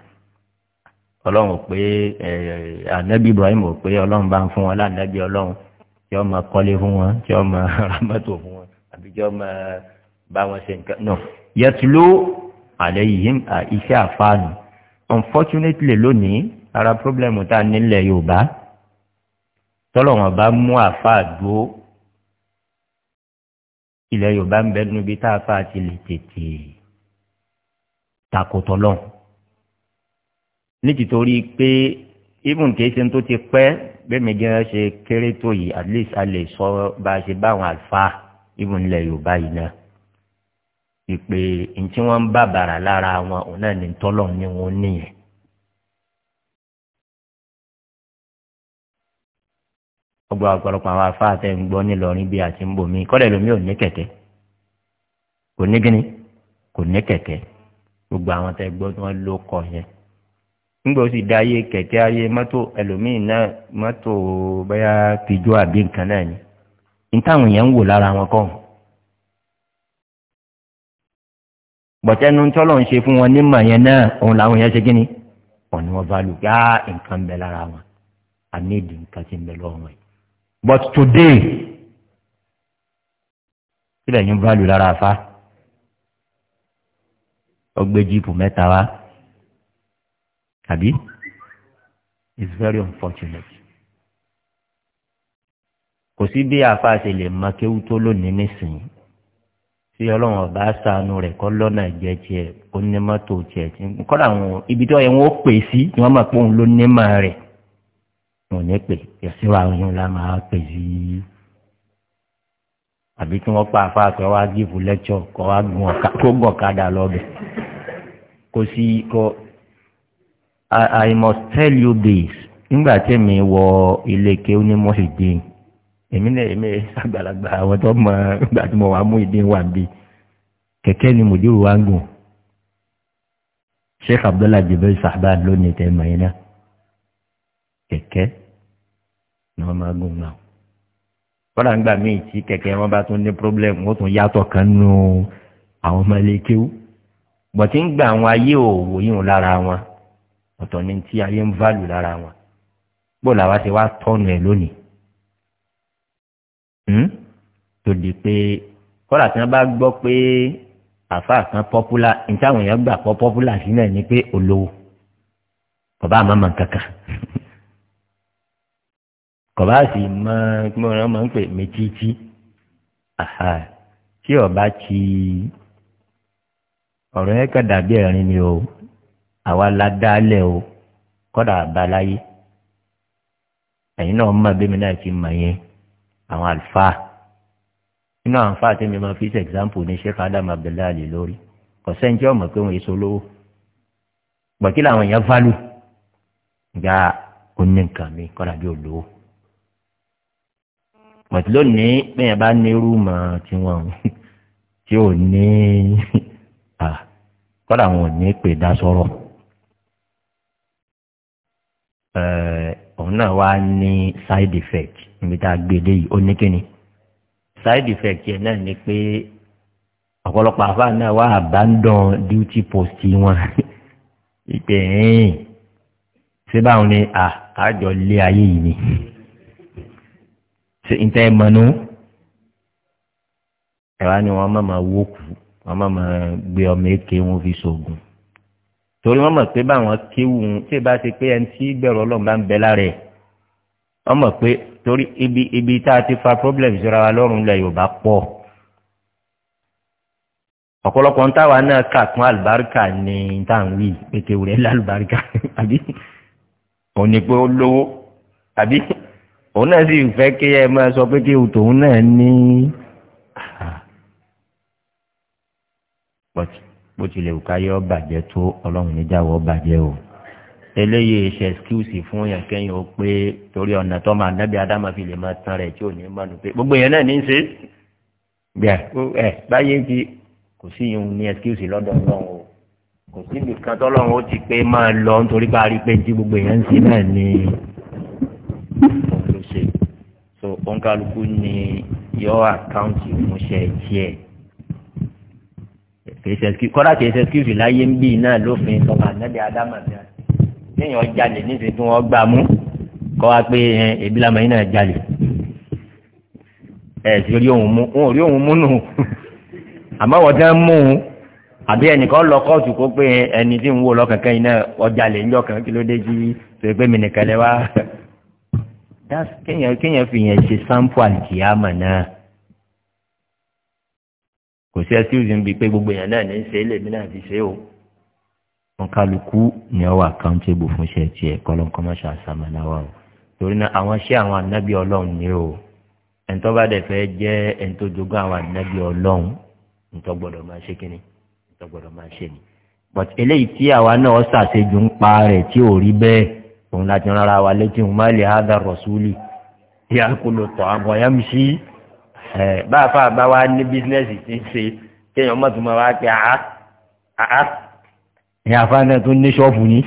Speaker 1: ọlọ́run pé ànágbé ibrahim ò pé ọlọ́run bá ń fún wọn láànágbé ọlọ́run tí wọ́n máa kọ́lé fún wọn tí wọ́n máa [laughs] rámọ́tò fún wọn àbí tí wọ́n máa bá wọn ṣe nǹkan náà yẹtuló àlẹ́ yìí iṣẹ́ àfáàní unfortunately lónìí ara pírọ́blẹ̀mù tá a nílẹ̀ yorùbá tọ́lọ̀ wọn bá mú àfáà dúró ilẹ̀ yorùbá ń bẹ níbi tá a fà á ti lè tètè takòtò lọ. nítìtorí pé even kéésì tó ti pẹ́ bẹ́ẹ̀mi jẹ́ ṣe kéré tó yìí at least a lè sọ bá a ṣe báwọn àlùfáà even ilẹ̀ yorùbá yìí náà ìpè ntí wọ́n ń bàbàrà lára wọn òun náà ní tọ́lọ̀ ni wọ́n níyẹn ọgbà ọ̀pọ̀lọpọ̀ àwọn afáà tẹ̀ ń gbọ́ nílọrin bí àti ń bòmí kọ́lẹ̀ lómi ò ní kẹ̀kẹ́ kò ní gíní kò ní kẹ̀kẹ́ gbogbo àwọn tẹ̀ gbọ́ tí wọ́n ló kọ yẹn nígbà ó sì da ayé kẹ̀kẹ́ ayé mọ́tò ẹlòmíì náà mọ́tò bẹ́yà pijó àbí nǹkan náà ni nítawọn yẹn ń wò lára wọn kọ́ bọ̀tẹ́nu tọ́lọ̀ ń ṣe fún wọn nímọ̀ yẹn náà òun làwọn yẹn ṣe kí ni wọn ni wọn bá lù yá nǹkan bẹ lára wọn àmì nǹkan ti ń bẹ lọ́wọ́ yìí but today kílẹ̀ yín value lára afá ọgbẹ́ jíìpù mẹ́ta wá àbí it's very unfortunate kò sí bí àfa ṣe lè mọ kéwú tó lónìí nísìnyí tí ọlọ́run ọba ṣàánú rẹ̀ kọ́ lọ́nà jẹ tiẹ̀ onímọ́tò tiẹ̀ tí kọ́dà àwọn ibi tí wọ́n pè sí ni wọ́n mọ̀ pé òun ló rẹ̀ wọn ní pè yẹsẹ wa oyún la máa pè sí i àbí kí wọn pa afáàfẹ wa gífù lẹkṣọ kọ wa gun ọkà kó gun ọkadà lọbẹ kò sí kọ i must tell you this nígbà tí mi wọ ilé kéwú ní mọ́sídìí èmi náà èmi àgbàlagbà àwọn tó mọ nígbà tí mo wà mú ìdí wà bí kẹ̀kẹ́ ni mòdìrú wa ń gùn sheikh abdullahi jibril sahaba lónìí tẹ́ mọ̀ yín náà kẹ̀kẹ́ ni wọ́n máa gùn náà kọ́dà ńgbà míì tí kẹ̀kẹ́ wọn bá tún ní problem wọ́n tún yàtọ̀ kan nù àwọn ọmọ ilé kéwú bọ̀tí ń gbà àwọn ayé òwò yíwọn lára wọn ọ̀tọ̀ ni tí ayé ń válù lára wọn bó làwa ṣe wá tọ́nu ẹ̀ lónìí hmm? tó di pé kọ́dà tí wọ́n bá gbọ́ pé àfa kan pọ́púlà ní táwọn gbà pọ́ pọ́púlà ni pé olówó bàbá àmàmà kankan kọ̀báàsì mọ kí wọ́n máa ń pè méjìjì tí ọba ti ọ̀rọ̀ yẹn kàn dàbí ẹ̀rín ni o àwa la dálẹ̀ o kọ́dà àbáláyé ẹ̀yin náà mọ̀ bí mi náà ti mọ̀ yẹn àwọn àlùfáà nínú àwọn àlùfáà tí mi máa fi ṣe example ní sheikh adam abdullahi ali lórí kò sẹ́ńtì ọmọ pé òun èso lówó gbọ̀kí làwọn èèyàn fálù gba oníǹkan mi kọ́dà bí olówó pọ̀tí lónìí bẹ́ẹ̀ bá ní rúùmọ̀ tiwọn tí ò ní kọ́dà wọn ò ní pè dá sọ́rọ̀ òun náà wá ní side effect níbi tá a gbé dé yìí ó ní kíni side effect yẹn náà ni pé ọ̀pọ̀lọpọ̀ àfa náà wá abandon duty post wọn [laughs] ìpè ẹ̀yìn síbáwọn ni àjọ lé ayé yìí ni ṣe ìtẹ́ mọ̀nú ẹ̀wá ni wọ́n máa ma wó kú wọ́n máa máa gbé ọmọ èké wọn fi ṣoògùn torí wọ́n mọ̀ pé báwọn kéwù tí ì ṣe pé ẹni tí gbẹ̀rọ ọlọ́run bá ń bẹ lára ẹ̀ wọ́n mọ̀ pé torí ibi ibi tá a ti fa problem síra wa lọ́rùn ilẹ̀ yorùbá pọ̀ ọ̀pọ̀lọpọ̀ ń táwa náà kà kún àlùbáríkà ní táwọn yìí pété wúrẹ́ lálùbáríkà [laughs] àbí òní pé ó lówó àbí òun náà sì fẹ́ kí ẹ máa sọ pé kí tòun náà ní bó tilẹ̀ òkà yọ bàjẹ́ tó ọlọ́run níjàwọ́ bàjẹ́ o eléyìí ṣe ẹ́skíwùsì fún yàn kẹ́yìn ó pé torí ọ̀nà tó máa nábì ádámà fi lè máa tan rẹ̀ tí ò ní máa nù pé gbogbo yẹn náà ní í ṣe gbà báyé ti kò sí ìhun ní ẹ́skíwùsì lọ́dọ̀ ọlọ́run o kò sí nìkan tọ́lọ́run ó ti pé máa lọ nítorí bá a rí pé ní ti gbogbo yẹn ń ṣe náà ní òǹkàlùkù ni yọ àkáǹtì ìmúṣẹ tiẹ̀ kọ́dà kìí ṣe skills láyé ń bì náà lófin tọ́ka nẹ́bí adámàdá téèyàn jalè níṣẹ́ tí wọ́n gbà mú kọ́ wa pé ẹbí lamọ̀ yín náà jalè ẹ̀ sì rí òun mú òun rí òun mú nù àmọ́ wọ́n tẹ́ ń mú un àbí ẹnìkan lọ kóòtù kó pé ẹni tí ń wò lọ́kàn kẹ́yìn náà ọjà lè ń yọkàn kí ló dé jí pé pé mi nìkan lẹ kéèyàn kéèyàn fi yẹn ṣe sampo àlìkìyàmà náà kò sí ẹtí òsì ń bi pé gbogbo èèyàn náà ní í ṣe é lèmi náà ti ṣe é o wọn kálukú ni ọwọ àkáǹtébù fún iṣẹ tiẹ kọlọ nǹkan máa ṣàṣàmà láwa o torí náà àwọn iṣẹ àwọn anábì ọlọrun ni o ẹnitọ́ bá dẹ̀ fẹ́ jẹ́ ẹnitọ́ jogún àwọn anábì ọlọrun ntọ́ gbọ́dọ̀ máa ṣe kínní ntọ́ gbọ́dọ̀ máa ṣe ni but eléyìí tí àwa náà ṣàṣejù ń pa rẹ̀ tí ò rí bẹ́ẹ̀ òun láti rárá wa létí òun máa lè hádà rọ̀súlì yà kó lò tọ̀ àmọ́ yà mí sí ẹ̀ bá a fà bá wa ní bísínẹ́sì ti ń ṣe kéèyàn má tún máa wá pé àá àá ní àfáàná tó ní ṣọ́ọ̀bù ní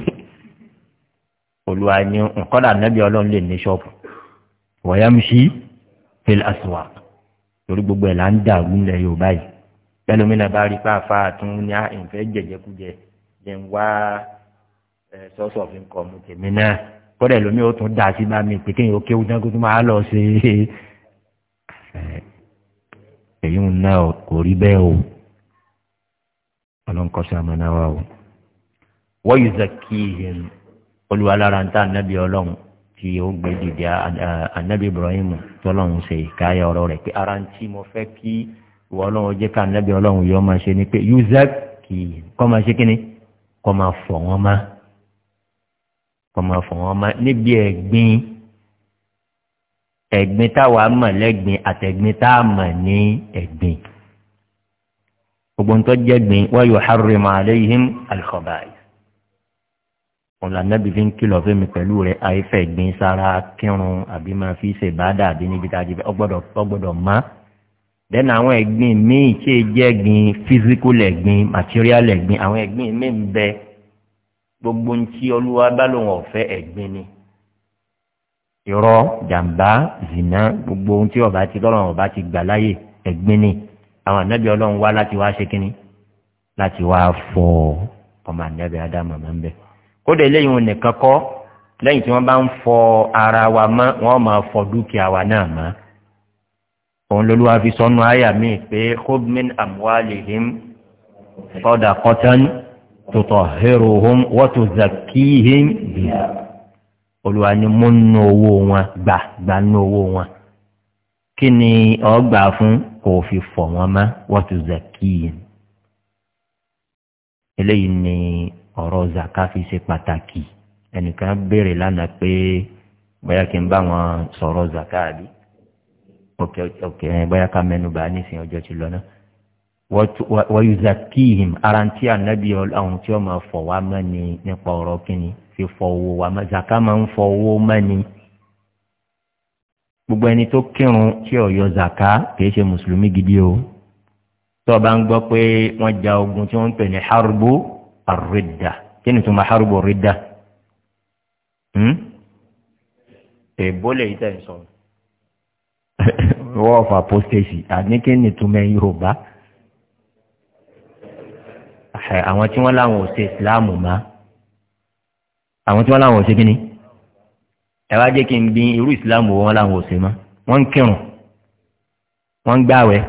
Speaker 1: olùwà ni nǹkan dà nẹ́bí ọlọ́run lè ní ṣọ́ọ̀bù wọ́n yà mí sí fil aswa torí gbogbo ẹ̀ là ń dàrú ńlẹ̀ yorùbá yìí pẹ́lú mi náà bá rí pé àfa ní à ń fẹ́ jẹ̀jẹ̀kújẹ source of income tèmi náà kọ́dà lómi ó tún dà sí mami pé kéèyàn ó kéwú náà kó tún máa lọ sí èyí ń ná o kò rí bẹ́ẹ̀ o ọlọ́nkọ́ sí amọ̀nà wa o wọ́n yóò zà kí ìhìn olùwàlára ń tà nábì ọlọ́run tí ó gbé dìde ànábì ibrahim tọ́lọ́run ṣe ìkáyà ọ̀rọ̀ rẹ̀ pé ara ń tí mo fẹ́ kí ìwọ ọlọ́run jẹ́ ká nábì ọlọ́run yọ máa ṣe ni pé yóò zà kí kọ́ máa ṣe kí ni kọ́ máa fọ̀ wọ́n máa kọ́mọ fún wọn ma níbi ẹ̀gbin ẹ̀gbin táwa mọ̀ lẹ́gbin àtẹ̀gbin tá a mọ̀ ní ẹ̀gbin gbogbo nǹkan jẹ́gbin wọ́n yóò hárùrẹ́ mọ́ àléhìn alìkọ́báyé ọ̀la nábì fi ń kìlọ̀ fún mi pẹ̀lú rẹ̀ àìfẹ́ gbin sára kírun àbí máa fi ṣe bàdà àbí níbi tá a ti fẹ́ ọgbọ́dọ̀ má then àwọn ẹ̀gbin míì ṣe jẹ́gbin physical ẹ̀gbin material ẹ̀gbin àwọn ẹ̀gbin míì ń bẹ́ẹ̀ gbogbo ntí olúwa bá lòun ọ̀fẹ́ ẹ̀gbin ni irọ́ jàǹbá zina gbogbo ohun tí ọba ti lọ́rùn ọba ti gbà láyè ẹ̀gbin ni àwọn ànábì ọlọ́run wá láti wá ṣe kínní láti wá fọ ọmọ ànábì ádámù máa ń bẹ̀. kódà eléyìí wọn nìkan kọ́ lẹ́yìn tí wọ́n bá ń fọ ara wa mọ́ wọ́n máa fọ dúkìá wa náà mọ́. òun lolúwa fi sọnù àyà mi pé hobmin amwalihim sọdà kọ́tánì. tutahhiruhum wa tuzakkihim biha olùwà ni mo ń nu owó wọn gbà gbà nu owó wọn kí ni ọgbà fún kò fi fọ̀ wọ́n mọ́ wa eléyìí ni ọrọ zaka fi ṣe pàtàkì ẹnìkan béèrè lánàá pé bóyá kí n bá wọn sọrọ zaka bóyá ká nísìnyí wọ́yùzàkìhìm ara tí ànábì ọ̀hún tí ó máa fọ̀ wá mẹ́ni nípa ọ̀rọ̀ kínní fi fọ owó wa mẹ́ zaka máa ń fọ owó mẹ́ni gbogbo ẹni tó kírun tí ò yọ zaka kìí ṣe mùsùlùmí gidi o tó bá ń gbọ́ pé wọ́n ja ogun tí wọ́n ń pè ní harubu arida kí ni tuma harubu arida hmm? èbó lè yí tẹ̀ sọ [laughs] wọ́n fà pósítẹ́sì àníkí ni tuma yorùbá àwọn tí wọ́n láwọn ò ṣe ìsìláàmù mọ́ àwọn tí wọ́n láwọn ò ṣe kí ni ẹ wá jẹ́ kí n bí irú ìsìláàmù wọn láwọn ò ṣe mọ́ wọ́n ń kírun wọ́n ń gbàwẹ́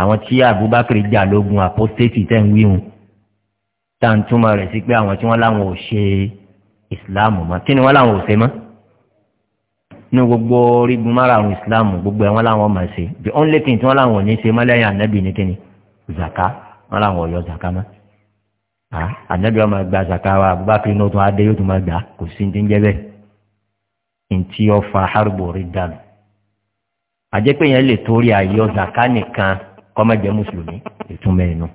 Speaker 1: àwọn tí abubakar jà lógun apostate tẹ̀ ń wíhun tá à ń túmọ̀ rẹ̀ sí pé àwọn tí wọ́n láwọn ò ṣe ìsìláàmù mọ́ kí ni wọ́n láwọn ò ṣe mọ́ ní gbogbo orígun márààrún ìsìláàmù gbogbo ẹ̀ wọ́n láwọn máa ṣe the only thing tí wọ́n láwọn ò ní ṣe mọ́ lẹ́yìn ànábì ní kíni zaka wọn làwọn ọ̀yọ́ zaka mọ́ ànábì ọmọ gba zaka wa abubakar inú tún adé yóò tún máa gbà kò sí ní jẹ́ bẹ́ẹ̀ ntí ọfà harbo rí dànù àjẹpẹ́ yẹn lè torí àyọ zaka nìkan kọ́mọ̀jẹ́ mùsùlùmí ìtumẹ̀ inú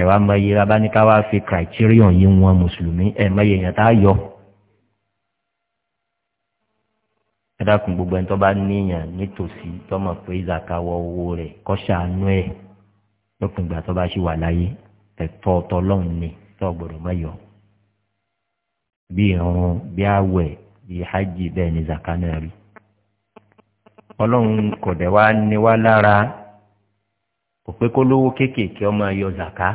Speaker 1: ẹ wá mọ iye abáníká wá fi criterion yìí wọn mùsùlùmí ẹ mọ iye yẹn tá a yọ. ẹ dákun gbogbo ẹni tó bá níyàn nítòsí tọmọ pé zaka wọ owó rẹ kọ́ ṣàánú ẹ̀ lópin ìgbà tó bá ṣì wà láyé ẹ̀tọ́ ọ̀tọ́lọ́run ni tó gbọ́dọ̀ má yọ. bí ìrun bí àwẹ̀ bí hajj bẹ́ẹ̀ ni zaka náà rí. ọlọ́run kò dẹ̀ wá ní wá lára kò pé kó lówó kéékèèké ọmọ ayọ zaka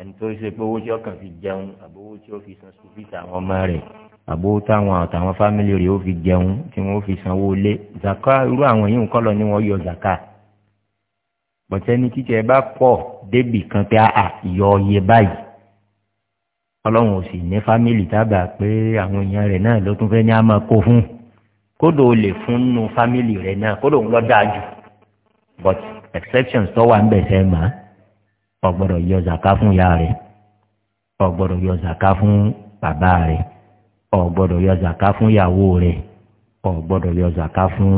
Speaker 1: ẹni tó ṣe pé owó tí ọkàn fi jẹun àbówó tí ó fi san sùn fi tàwọn ọmọ rẹ̀ àbó táwọn àtàwọn fámìlì rẹ̀ ó fi jẹun tí wọ́n ó fi sanwó lé zaka irú àwọn yìí ń kọ́ lọ ni wọ́n yọ zaka bọ̀tẹ́ni títẹ̀ bá pọ̀ débì kan pé àà ìyọ iye báyìí ọlọ́run ò sì ní fámìlì tábà pé àwọn èèyàn rẹ̀ náà ló tún fẹ́ ní àmọ́ kó fún kódò ó lè fún nínú fámìlì rẹ̀ náà kódò ń lọ dáa jù but exceptions tó wà ń bẹ̀ sẹ́ mà ọ̀gbọ́dọ̀ yọ zàká fún ìyá rẹ̀ ọ̀gbọ́dọ̀ yọ zàká fún bàbá rẹ̀ ọ̀gbọ́dọ̀ yọ zàká fún ìyàwó rẹ̀ ọ̀gbọ́dọ̀ yọ zàká fún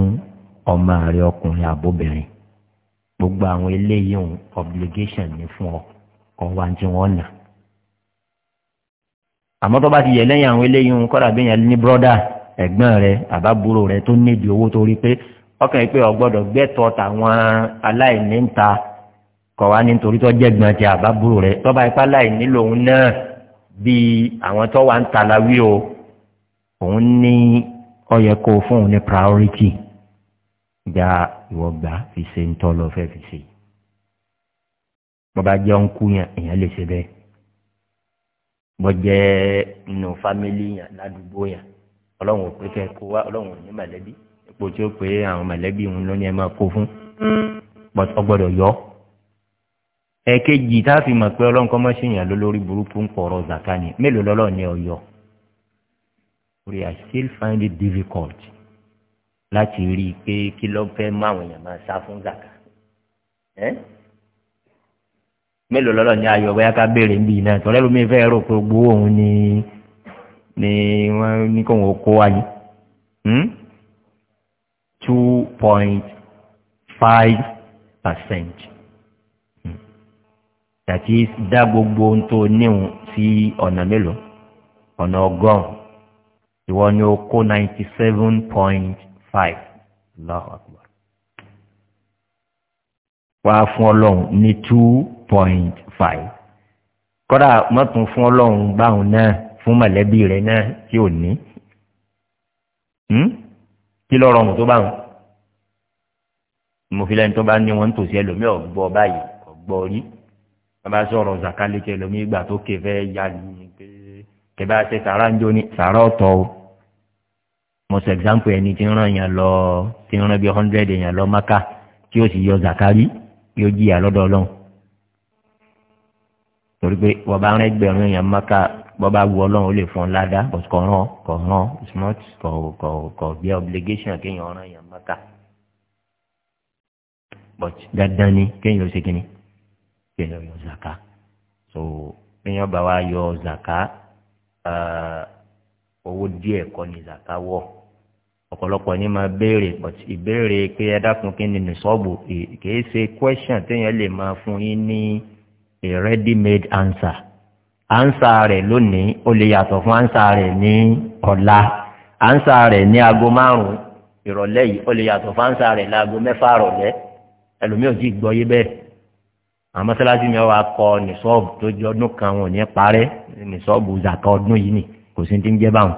Speaker 1: ọmọ rẹ̀ ọkùnrin àbóbìnrin gbogbo àwọn eléyìí òun obligation ni fún ọ kọ wá wọn nà àmọ́ tó bá ti yẹ lẹ́yìn àwọn eléyìí òun kọ́ra bí yẹn ní brọ́dà ẹ̀gbọ́n rẹ àbábúrò rẹ tó níbi owó tó rí pé ọkàn yìí pé ọgbọ́dọ̀ gbẹ́tọ̀ tàwọn aláìní ń ta kọ̀ wá nítorí tó jẹ́gbọ́n ti àbábúrò rẹ tó bá ipá láìní lòun náà bíi àwọn tó wà ń ta la wí o òun ní ó kó fún òun ní priority já ìwọ̀gbà fi ṣe ń tọ́ lọ fẹ́ fi ṣe bọ́bá jẹ́ ń kú yàn èèyàn lè ṣe bẹ́ẹ̀ bọ́jẹ́ nínú fámìlì yàn ládùúgbò yàn ọlọ́run ò pé kẹ́ kó wá ọlọ́run ò ní mọ̀lẹ́bí ipò tí ó pé àwọn mọ̀lẹ́bí òun ló ní ẹ máa kó fún ọgbọ́dọ̀ yọ ọ́ ẹ̀kejì tá a fi mọ̀ pé ọlọ́run kọ́ mọ́ ṣèyàn lólórí burúkú ń pọ̀ ọ̀rọ̀ zaka ni mélòó lọ́lọ́ ni ọ̀yọ́ we are still find it difficult láti rí i pé kí ló fẹ́ mú àwọn èèyàn máa sá fún zaka mélòó lọ́lọ́ ní ayọ̀ bóyá ká béèrè ń bì náà tọ́lẹ́ lómi fẹ́ rò pé gbowó òun ni ni wọ́n ní kóun ó kó wáyé hmm? two point five percent hmm. tàbí dá gbogbo ohun tó níhun sí ọ̀nà mélòó ọ̀nà ọgọ́rùn-ún ìwọ ni ó kó ninety seven point five Allahu Akbar wá fún ọlọ́run ní two point five kódà mọ́tún fún ọlọ́run báwọn náà fún mọ̀lẹ́bí rẹ̀ náà tí ò ní hmm? kí ló rọrùn tó báwọn mo fi lẹ́ni tó bá ní wọn ń tòsí ẹlòmíì ọ̀gbọ́ báyìí ọ̀gbọ́ rí bàbá sọ̀rọ̀ zàkálẹ̀ kẹlòmíì ìgbà tó kẹfẹ́ yá ni kẹfẹ́ sẹ́ sàrà ń jó sàrà ọ̀tọ̀ o mo sọ example ẹni tí ń ràn yàn lọ tí ń ràn bí hundred yàn lọ maka tí ó sì yọ zakari yóò jìyà lọ́dọ̀ ọlọ́run torí pé wọ́n bá rán ẹgbẹ̀rún yàn maka wọ́n bá wu ọlọ́run ó lè fún ọ ládàá but kò ràn kò ràn it's kò kò kò bí obligation kéèyàn ràn yàn maka but dandan ni kéèyàn ó ṣe kíni kéèyàn yọ zaka so kéèyàn bá wa yọ zaka uh, owó díẹ̀ kọ́ ni zaka ọ̀pọ̀lọpọ̀ ní máa béèrè pọ̀tí ìbéèrè pé ẹ dákun kí ni nìṣọ́ọ̀bù kìí ṣe question téèyàn lè máa fún yín ní a ready made answer Answer rẹ̀ lónìí ó lè yàtọ̀ fún ansa rẹ̀ ní ọ̀la ansa rẹ̀ ní aago márùn-ún ìrọ̀lẹ́ yìí ó lè yàtọ̀ fún ansa rẹ̀ láago mẹ́fà rọ̀lẹ́ ẹlòmíì ò tí ì gbọ́ yé bẹ́ẹ̀ àwọn mọ́sálásí mi wá kọ nìṣọ́ọ̀bù tó jẹ́ ọdún kan wọn ò ní parẹ́ nìṣọ́ọ̀bù zàkà ọdún yìí nì kò sí ti ń jẹ́ báwọn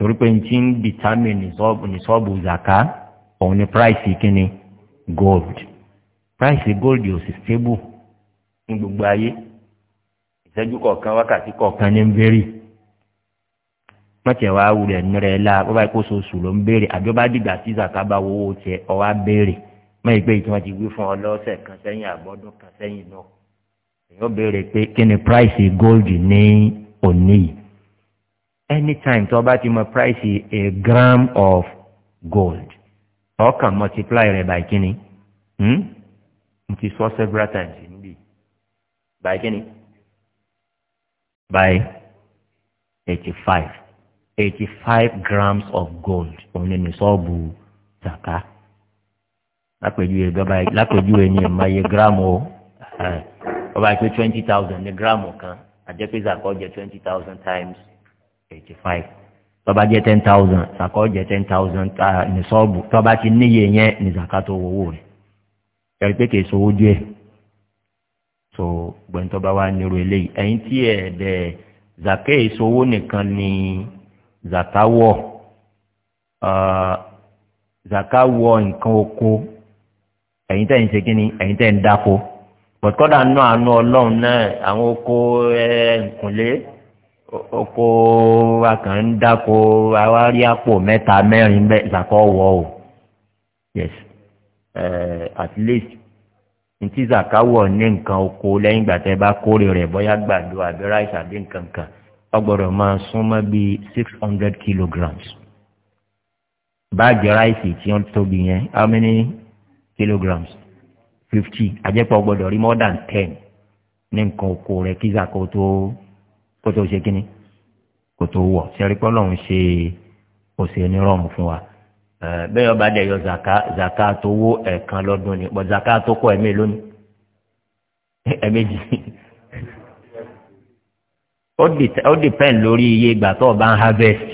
Speaker 1: torí pé n ti ń determine nisọ́ọ̀bù zaka òun ni price kíni gold price gold yóò sì stable ní gbogbo ayé ìṣẹ́jú kọ̀ọ̀kan wákàtí kọ̀ọ̀kan ní ń bẹ́rì mọ̀tẹ̀ wá wulẹ̀ nírẹ̀ la bó bá kó soṣù ló ń bẹ̀rẹ̀ àbí bá dìgbà tí zaka bá wo owó tiẹ̀ ọ wá bẹ̀rẹ̀ mọ̀ ìpè tí wọ́n ti wí fún ọ lọ́sẹ̀ kan sẹ́yìn àbọ̀dún kan sẹ́yìn náà èèyàn bẹ̀rẹ̀ pé kí ni price gold ní òní yìí anytime tó bá ti mọ price a gram of gold ọkàn multiply rẹ̀ by kíni n hmm? ti sọ several times níbí by kíni by eighty five eighty five grams of gold òun ni sọ́ọ̀bù zaka lápèjúwe bàbá lápèjúwe ni ẹ̀ máa yẹ gíráàmù o bàbá yìí pé twenty thousand ní gíráàmù kan àjẹpẹ́sà kọ́ jẹ twenty thousand times eighty five tọ́ba jẹ́ ten thousand sàkọ́ jẹ́ ten thousand ní sọ́ọ̀bù tọ́ba ti níye yẹn ní zakato owó rẹ̀ ẹ̀rí pé kìí sowó díẹ̀ tó gbẹ̀ntọ́ba wa nírú eléyìí ẹ̀yìn tí ẹ̀ dẹ̀ zaka ìsowó nìkan ni zaka wọ̀ zaka wọ nǹkan oko ẹ̀yìn tẹ̀ ń ṣe kí ni ẹ̀yìn tẹ̀ ń dáko bọ̀tkọ́dà náà àánú ọlọ́run náà àwọn oko ẹ̀ ǹkùnlé oko akàn ń dáko awárí àpò mẹ́ta mẹ́rin bẹ́ẹ̀ zakọ́ wọ̀ o yes uh, at least ntí zakawọ̀ ní nǹkan oko lẹ́yìn ìgbà tẹ́ bá kórè rẹ̀ bóyá gbàdo àbí ráìsì àbí nǹkan kan ọ gbọ́dọ̀ máa súnmọ́ bíi six hundred kilograms báàgì ráìsì tí wọ́n tóbi yẹn how many kilograms fifty àjẹpọ̀ gbọ́dọ̀ rí more than ten ní nǹkan oko rẹ̀ kí zakọ̀ tó kó tó ṣe kíni kó tó wọ̀ sẹ́rí pé ọlọ́run ṣe òsè ní rọ́ọ̀mù fún wa bẹ́ẹ̀ ọba dẹ̀ yọ zaka zaka tó wó ẹ̀ẹ̀kan lọ́dún ni bọ́ zaka tó kọ́ ẹ̀mí lónìí [laughs] ẹ̀mẹ́jì ó dìpẹ́ǹ lórí iye ìgbà tó o bá ń harvest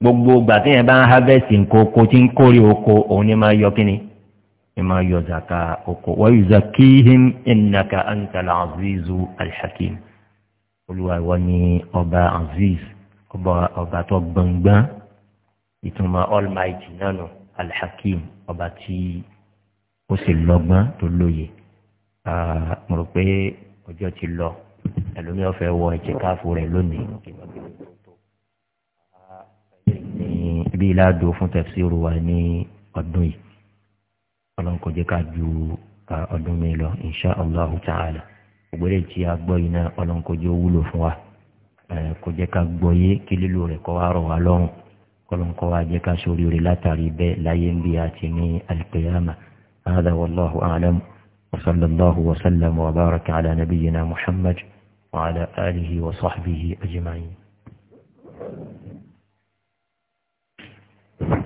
Speaker 1: gbogbo ìgbà tí yẹn bá ń harvest nǹkan oko tí ń kórè oko òun ni máa yọ kíni ni máa yọ zaka oko wọ́n yóò zakihim ìnaka àǹtàlà azizu alhakim olúwa ìwọ ni ọba aziz ọba ọba tó gbọ̀ngbọ́n ìtumọ̀ almighty náà nù alhakim ọba tí ó sì lọ́gbọ́n tó lóye mo rò pé ọjọ́ ti lọ ẹlòmíràn fẹ́ wọ ẹ̀jẹ̀ káfù rẹ̀ lónìí bí ìlàdó fún tẹ̀síìrù wa ní ọdún yìí ọlọ́run kò jẹ́ ká ju ọdún mi lọ insha allah ta'ala ògbére tí a gbọ́ yìí náà ọlọ́nkọjọ́ wúlò fún wa kò jẹ́ ká gbọ́ yé kí lílo rẹ̀ kọ́ wa rọ̀ wá lọ́rùn kọ́lọ́nkọ́ wa jẹ́ ká sórí rẹ̀ látàrí bẹ́ẹ̀ láyé ń bí a ti ní alìkèyàmà هذا والله أعلم وصلى الله وسلم وبارك على نبينا محمد وعلى آله وصحبه أجمعين